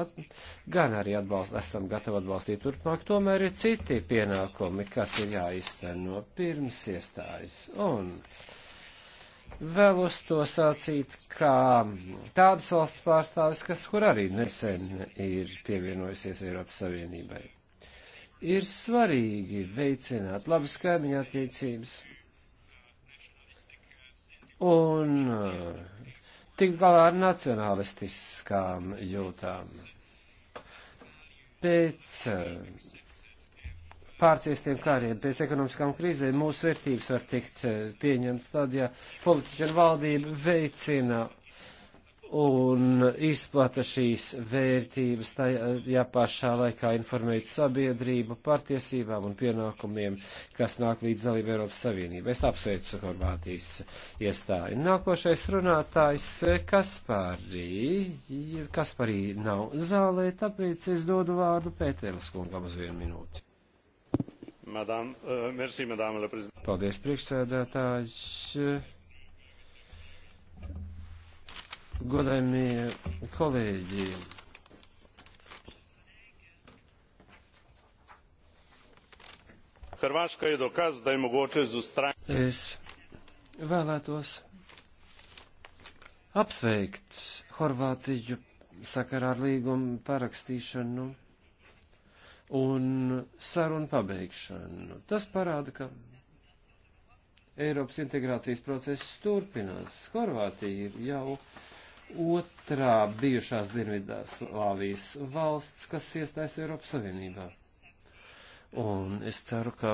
gan arī atbalst, esam gatavi atbalstīt turpmāk. Tomēr ir citi pienākumi, kas ir jāizteno pirms iestājas. Un vēlos to sacīt, kā tādas valsts pārstāvis, kas kur arī nesen ir pievienojusies Eiropas Savienībai. Ir svarīgi veicināt labas kaimiņa attiecības un eh, tikt galā ar nacionalistiskām jūtām. Pēc eh, pārciestiem kāriem, pēc ekonomiskām krīzēm mūsu vērtības var tikt eh, pieņemts tad, ja politiķi un valdība veicina un izplata šīs vērtības, tajā pašā laikā informēt sabiedrību par tiesībām un pienākumiem, kas nāk līdz dalību Eiropas Savienībai. Es apsveicu Horvātijas iestāju. Nākošais runātājs Kasparī. Kasparī nav zālē, tāpēc es dodu vārdu Pēteris kungam uz vienu minūti. Madam, uh, merci, madame, Paldies, priekšsēdētājs godājumie kolēģi. Hrvaška je dokaz, da je mogoče z ustrajnim. Es vēlētos apsveikt Horvātiju sakarā ar līgumu parakstīšanu un sarunu pabeigšanu. Tas parāda, ka Eiropas integrācijas process turpinās. Horvātija ir jau otrā bijušās Dienvidslāvijas valsts, kas iestājas Eiropas Savienībā. Un es ceru, ka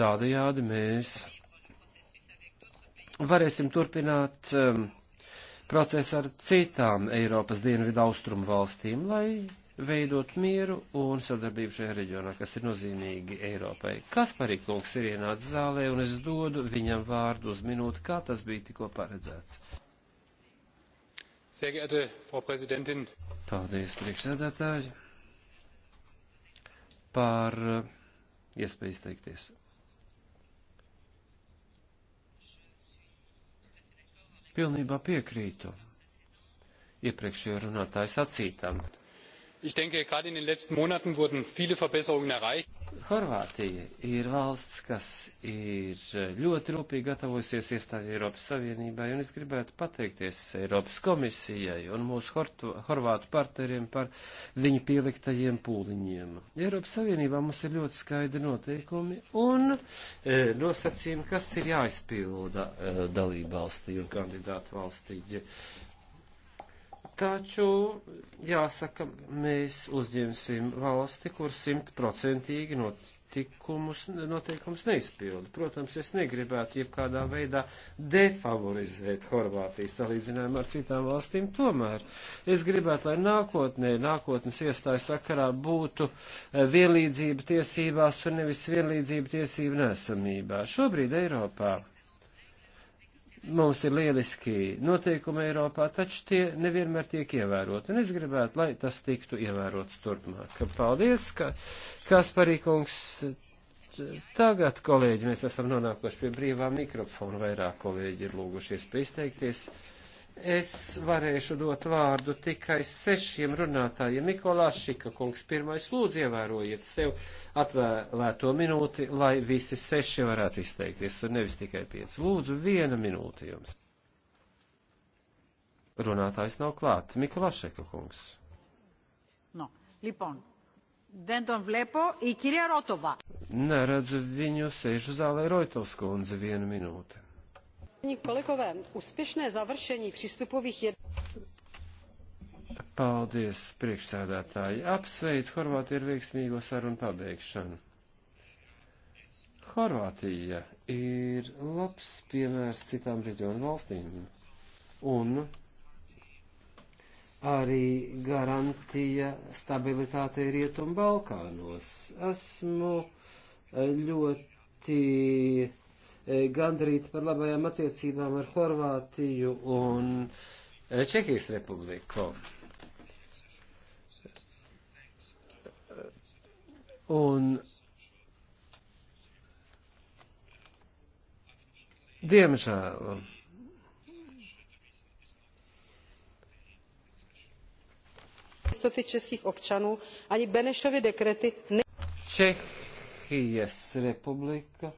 tādajādi mēs varēsim turpināt um, procesu ar citām Eiropas dienvidu austrumu valstīm, lai veidot mieru un sadarbību šajā reģionā, kas ir nozīmīgi Eiropai. Kasparīkungs ir ienācis zālē, un es dodu viņam vārdu uz minūti, kā tas bija tikko paredzēts. Sehr geehrte Frau Präsidentin! Paldies, priekšsēdētāji, par uh, iespēju izteikties. Pilnībā piekrītu iepriekšējo runātāju sacītam. Ich denke, gerade in den letzten Monaten wurden viele Verbesserungen erreicht. Horvātija ir valsts, kas ir ļoti rūpīgi gatavojusies iestāties Eiropas Savienībai, un es gribētu pateikties Eiropas komisijai un mūsu hortu, horvātu partneriem par viņu pieliktajiem pūliņiem. Eiropas Savienībā mums ir ļoti skaidri noteikumi un e, nosacījumi, kas ir jāizpilda e, dalību valstī un kandidātu valstī. E, Taču, jāsaka, mēs uzņemsim valsti, kur simtprocentīgi notikumus, noteikums neizpilda. Protams, es negribētu jebkādā veidā defavorizēt Horvātijas salīdzinājumu ar citām valstīm. Tomēr es gribētu, lai nākotnē, nākotnes iestāju sakarā būtu eh, vienlīdzība tiesībās un nevis vienlīdzība tiesību nesamībā. Šobrīd Eiropā Mums ir lieliski noteikumi Eiropā, taču tie nevienmēr tiek ievēroti, un es gribētu, lai tas tiktu ievērots turpmāk. Paldies, ka Kasparīkungs. Tagad, kolēģi, mēs esam nonākuši pie brīvā mikrofona, vairāk kolēģi ir lūgušies pieizteikties. Es varēšu dot vārdu tikai sešiem runātājiem. Nikolās Šika kungs pirmais lūdzu ievērojiet sev atvēlēto minūti, lai visi seši varētu izteikties, un nevis tikai pieci. Lūdzu, viena minūte jums. Runātājs nav klāts. Nikolās Šika kungs. No. Lipon. Δεν τον βλέπω. Η κυρία Ρότοβα. Ναι, ρέτζε βίνιο σε ζουζάλα Ρόιτοβ σκόντζε βίεν μινούτε. Kolegové, uzspiešné završení přístupových jednání. Paldies, priekšsēdētāji. Apsveic Horvātiju ar veiksmīgo sarunu pabeigšanu. Horvātija ir labs piemērs citām reģionu valstīm un arī garantija stabilitātei Rietumu Balkānos. Esmu ļoti E, gandrīt par labajām attiecībām ar Horvātiju un e, Čehijas republiku. Un diemžēl jistoty českých občanů ani Benešovy dekrety ne... Čechijas republika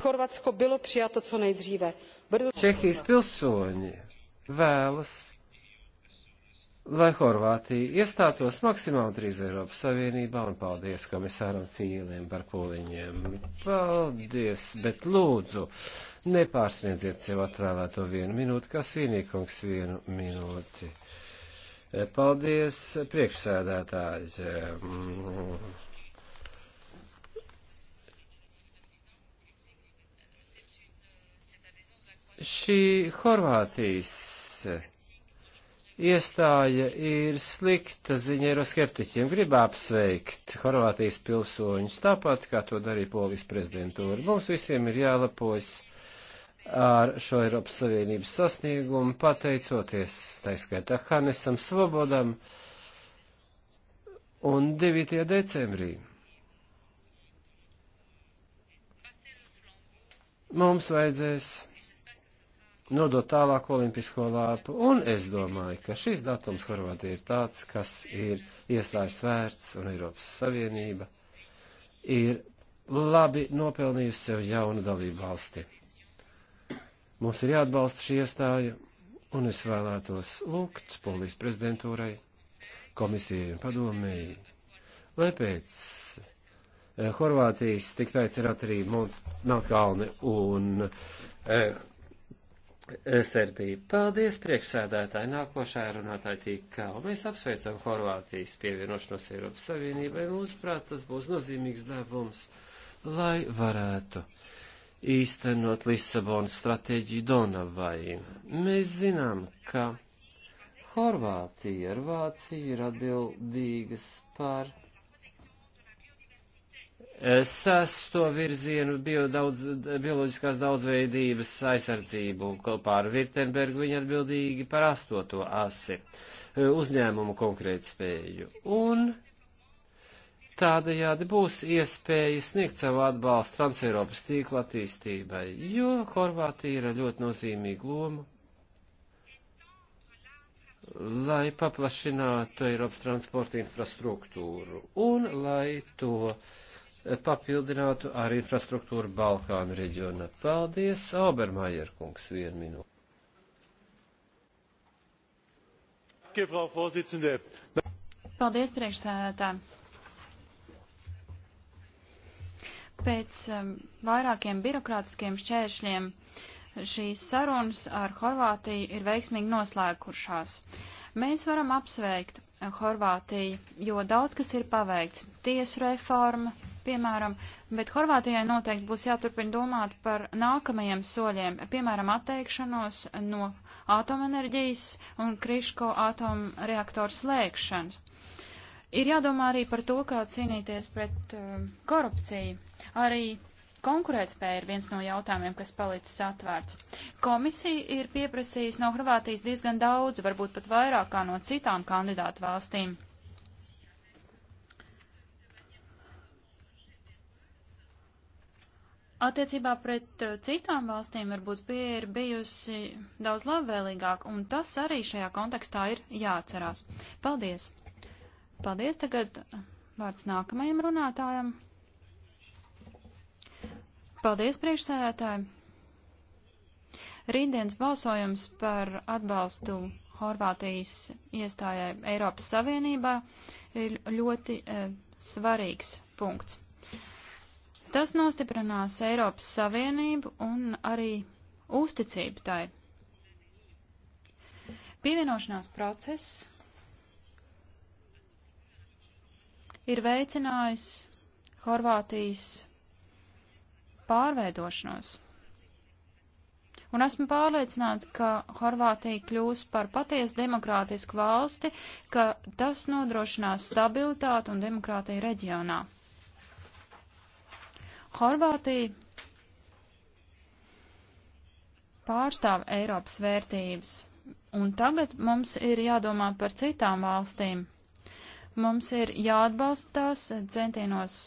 Chorvatsko bylo přijato co nejdříve. Brdu... Čehijas pilsoņi vēlas, lai Horvātija iestātos maksimāli drīz Eiropas Savienībā, un paldies komisāram Fīliem par pūliņiem. Paldies, bet lūdzu, nepārsniedziet sev atvēlēto vienu minūti, kā sīnīkungs vienu minūti. Paldies, priekšsēdētāji. Šī Horvātijas iestāja ir slikta ziņa eiroskeptiķiem. Grib apsveikt Horvātijas pilsoņus tāpat, kā to darīja Polijas prezidentūra. Mums visiem ir jālepojas ar šo Eiropas Savienības sasniegumu, pateicoties taiskaitā Hanesam Svobodam un 9. decembrī. Mums vajadzēs nodot tālāk olimpisko lāpu, un es domāju, ka šis datums Horvātija ir tāds, kas ir iestājas vērts, un Eiropas Savienība ir labi nopelnījusi sev jaunu dalību valsti. Mums ir jāatbalsta šī iestāja, un es vēlētos lūgt Polijas prezidentūrai, komisijai un padomēji, lai pēc eh, Horvātijas tik teica ir arī Meltkalni un eh, Serbija. Paldies priekšsēdētāji, nākošā runātāja tīkā. Mēs apsveicam Horvātijas pievienošanos Eiropas Savienībai. Mūsuprāt, tas būs nozīmīgs devums, lai varētu īstenot Lisabonas stratēģiju Donavai. Mēs zinām, ka Horvātija ar Vāciju ir atbildīgas par sesto virzienu bio daudz, bioloģiskās daudzveidības aizsardzību, kopā ar Virtenbergu viņa atbildīgi par astoto asi e, uzņēmumu konkrētu spēju. Un tādējādi būs iespēja sniegt savu atbalstu Transeiropas tīkla attīstībai, jo Horvātija ir ļoti nozīmīga loma, lai paplašinātu Eiropas transporta infrastruktūru un lai to uh, papildinātu ar infrastruktūru Balkānu reģionā. Paldies, Obermajer kungs, vienu minūti. Paldies, priekšsēdētāji. Pēc um, vairākiem birokrātiskiem šķēršļiem šīs sarunas ar Horvātiju ir veiksmīgi noslēgušās. Mēs varam apsveikt Horvātiju, jo daudz kas ir paveikts. Tiesu reforma, uh, piemēram, bet Horvātijai noteikti būs jāturpina domāt par nākamajiem soļiem, piemēram, atteikšanos no atomenerģijas un Kriško atomreaktoru slēgšanas. Ir jādomā arī par to, kā cīnīties pret uh, korupciju. Arī konkurētspēja ir viens no jautājumiem, kas palicis atvērts. Komisija ir pieprasījusi no Horvātijas diezgan daudz, varbūt pat vairāk kā no citām kandidātu valstīm. Attiecībā pret eh, citām valstīm varbūt pieeja ir bijusi daudz labvēlīgāka, un tas arī šajā kontekstā ir jāatcerās. Paldies! Paldies! Tagad vārds nākamajam runātājam. Paldies, priekšsēdētāji! Rītdienas balsojums par atbalstu Horvātijas iestājai Eiropas Savienībā ir ļoti e, svarīgs punkts. Tas nostiprinās Eiropas Savienību un arī uzticību tai. Pievienošanās process ir veicinājis Horvātijas pārveidošanos. Un esmu pārliecināts, ka Horvātija kļūs par patiesu demokrātisku valsti, ka tas nodrošinās stabilitāti un demokrātiju reģionā. Horvātija pārstāv Eiropas vērtības, un tagad mums ir jādomā par citām valstīm. Mums ir jāatbalstās centienos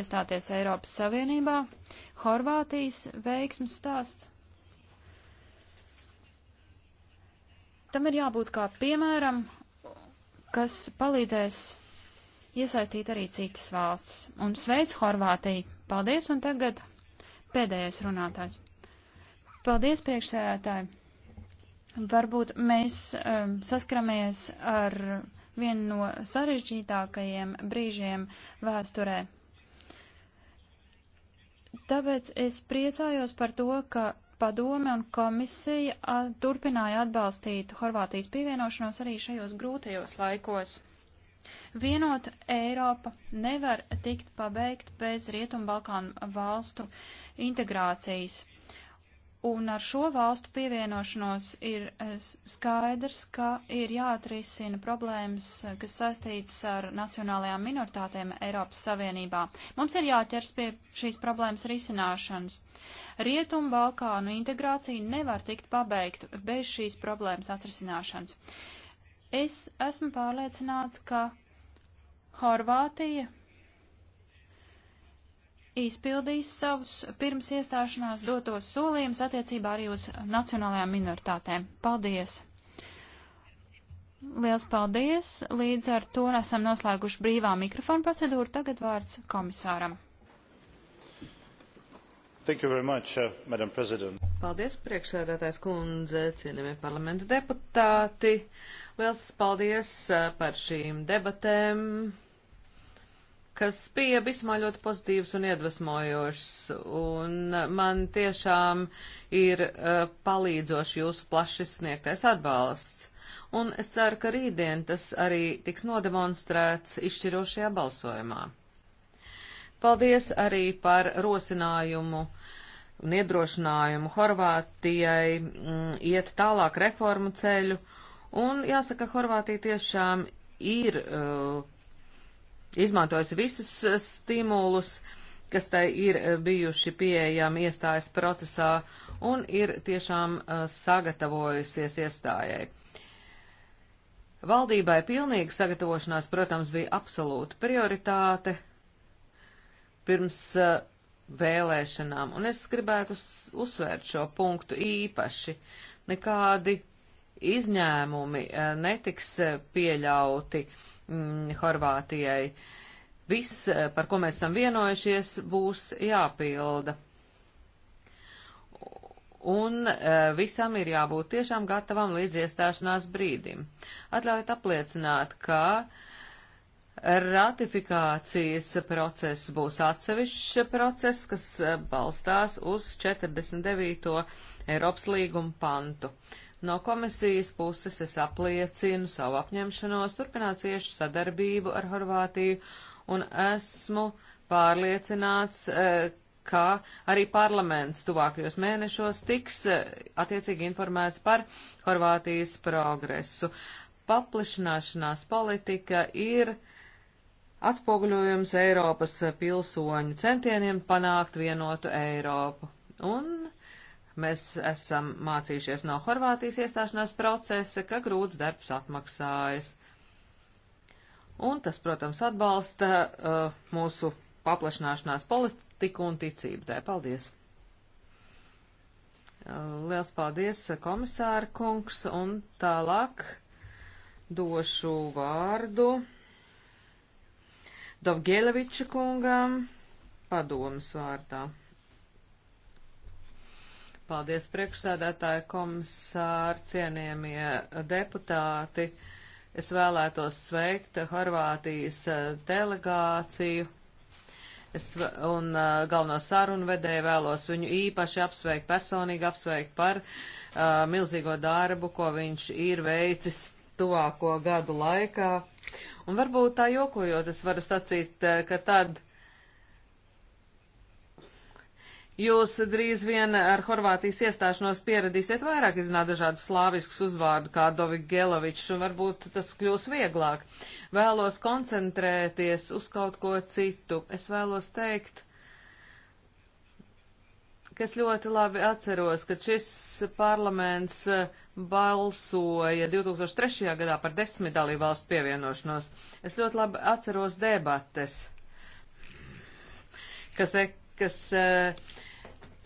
iestāties Eiropas Savienībā. Horvātijas veiksmes stāsts. Tam ir jābūt kā piemēram, kas palīdzēs iesaistīt arī citas valstis. Un sveicu Horvātiju, Paldies, un tagad pēdējais runātājs. Paldies, priekšsēdētāji. Varbūt mēs um, saskaramies ar vienu no sarežģītākajiem brīžiem vēsturē. Tāpēc es priecājos par to, ka padome un komisija turpināja atbalstīt Horvātijas pievienošanos arī šajos grūtajos laikos. Vienota Eiropa nevar tikt pabeigt bez Rietumbalkānu valstu integrācijas. Un ar šo valstu pievienošanos ir eh, skaidrs, ka ir jāatrisina problēmas, eh, kas saistītas ar nacionālajām minoritātēm Eiropas Savienībā. Mums ir jāķers pie šīs problēmas risināšanas. Rietumu Balkānu integrācija nevar tikt pabeigta bez šīs problēmas atrisināšanas. Uh, Es esmu pārliecināts, ka Horvātija izpildīs savus pirms iestāšanās dotos solījumus attiecībā arī uz nacionālajām minoritātēm. Paldies! Liels paldies! Līdz ar to esam noslēguši brīvā mikrofona procedūru. Tagad vārds komisāram. Much, uh, Paldies, priekšsēdētājs kundze, cienījamie parlamenta deputāti. Liels paldies par šīm debatēm, kas bija vismā ļoti pozitīvas un iedvesmojošas, un man tiešām ir palīdzoši jūsu plaši sniegtais atbalsts. Un es ceru, ka rītdien tas arī tiks nodemonstrēts izšķirošajā balsojumā. Paldies arī par rosinājumu un iedrošinājumu Horvātijai m, mm, iet tālāk reformu ceļu Un jāsaka, Horvātija tiešām ir uh, izmantojusi visus uh, stimulus, kas tai ir uh, bijuši pieejami iestājas procesā un ir tiešām uh, sagatavojusies iestājai. Valdībai pilnīga sagatavošanās, protams, bija absolūta prioritāte pirms uh, vēlēšanām, un es gribētu uzsvērt šo punktu īpaši. Nekādi izņēmumi eh, netiks eh, pieļauti mm, Horvātijai. Viss, eh, par ko mēs esam vienojušies, būs jāpilda. Un visam ir jābūt tiešām gatavam līdz iestāšanās brīdim. Atļaujiet apliecināt, ka uh, Ratifikācijas process būs atsevišķs process, kas balstās uz 49. Eiropas līguma pantu. No komisijas puses es apliecinu savu apņemšanos turpināt ciešu sadarbību ar Horvātiju un esmu pārliecināts, eh, ka arī parlaments tuvākajos mēnešos tiks eh, attiecīgi informēts par Horvātijas progresu. Paplišanāšanās politika ir atspoguļojums Eiropas pilsoņu centieniem panākt vienotu Eiropu. Un Mēs esam mācījušies no Horvātijas iestāšanās procesa, ka grūts darbs atmaksājas. Un tas, protams, atbalsta uh, mūsu paplašināšanās politiku un ticību. Tā, paldies! Uh, liels paldies, komisāra kungs, un tālāk došu vārdu Dovgēleviča kungam padomas vārdā. Paldies priekšsēdētāja komisāri, cienījamie deputāti. Es vēlētos sveikt Horvātijas eh, delegāciju. Es un eh, galveno sarunu vedēju vēlos viņu īpaši apsveikt, personīgi apsveikt par uh, milzīgo darbu, ko viņš ir veicis tuvāko gadu laikā. Un varbūt tā jokojot, es varu sacīt, ka tad, Jūs drīz vien ar Horvātijas iestāšanos pieradīsiet vairāk izzināt dažādus slāviskus uzvārdu kā Dovik Gelovičs, un varbūt tas kļūs vieglāk. Vēlos koncentrēties uz kaut ko citu. Es vēlos teikt, ka es ļoti labi atceros, ka šis parlaments eh, balsoja 2003. gadā par desmit dalībvalstu pievienošanos. Es ļoti labi atceros debates kas ek kas eh,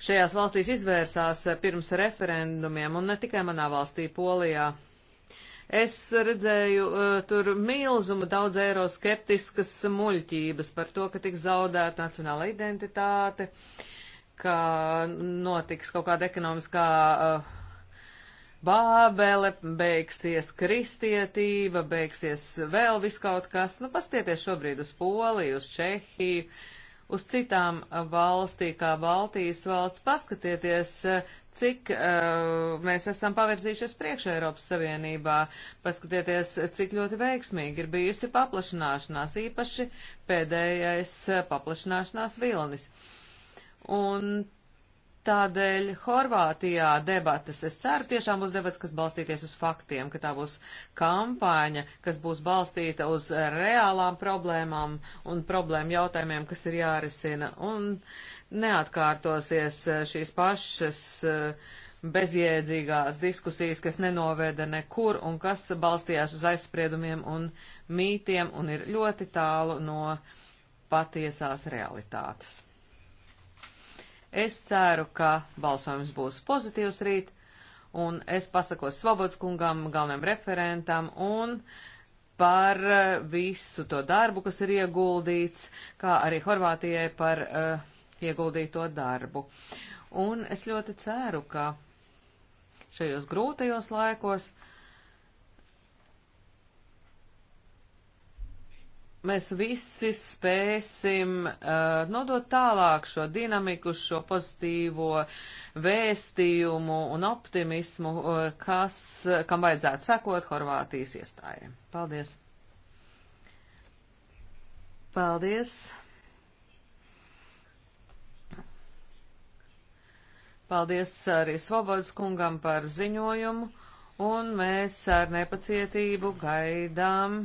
šajās valstīs izvērsās eh, pirms referendumiem, un ne tikai manā valstī, Polijā. Es redzēju uh, tur milzumu daudz eiroskeptiskas muļķības par to, ka tiks zaudēta nacionāla identitāte, ka notiks kaut kāda ekonomiskā uh, bābele, beigsies kristietība, beigsies vēl viskaut kas. Nu, pastieties šobrīd uz Poliju, uz Čehiju. Uh, uz citām uh, valstī, kā Baltijas valsts, paskatieties, uh, cik uh, mēs esam pavirzījušies priekš Eiropas Savienībā, paskatieties, cik ļoti veiksmīgi ir bijusi paplašanāšanās, īpaši pēdējais uh, paplašanāšanās vilnis. Un Tādēļ Horvātijā debatas, es ceru tiešām būs debatas, kas balstīties uz faktiem, ka tā būs kampaņa, kas būs balstīta uz reālām problēmām un problēmu jautājumiem, kas ir jārisina. Un neatkārtosies šīs pašas eh, bezjēdzīgās diskusijas, kas nenoveda nekur un kas balstījās uz aizspriedumiem un mītiem un ir ļoti tālu no patiesās realitātes. Es ceru, ka balsojums būs pozitīvs rīt, un es pasakos Svobods kungam, galvenam referentam, un par eh, visu to darbu, kas ir ieguldīts, kā arī Horvātijai par uh, ieguldīto darbu. Un es ļoti ceru, ka šajos grūtajos laikos uh, mēs visi spēsim uh, nodot tālāk šo dinamiku, šo pozitīvo vēstījumu un optimismu, uh, kas, kam vajadzētu sekot Horvātijas iestājiem. Paldies! Paldies! Paldies arī Svobodas kungam par ziņojumu, un mēs ar nepacietību gaidām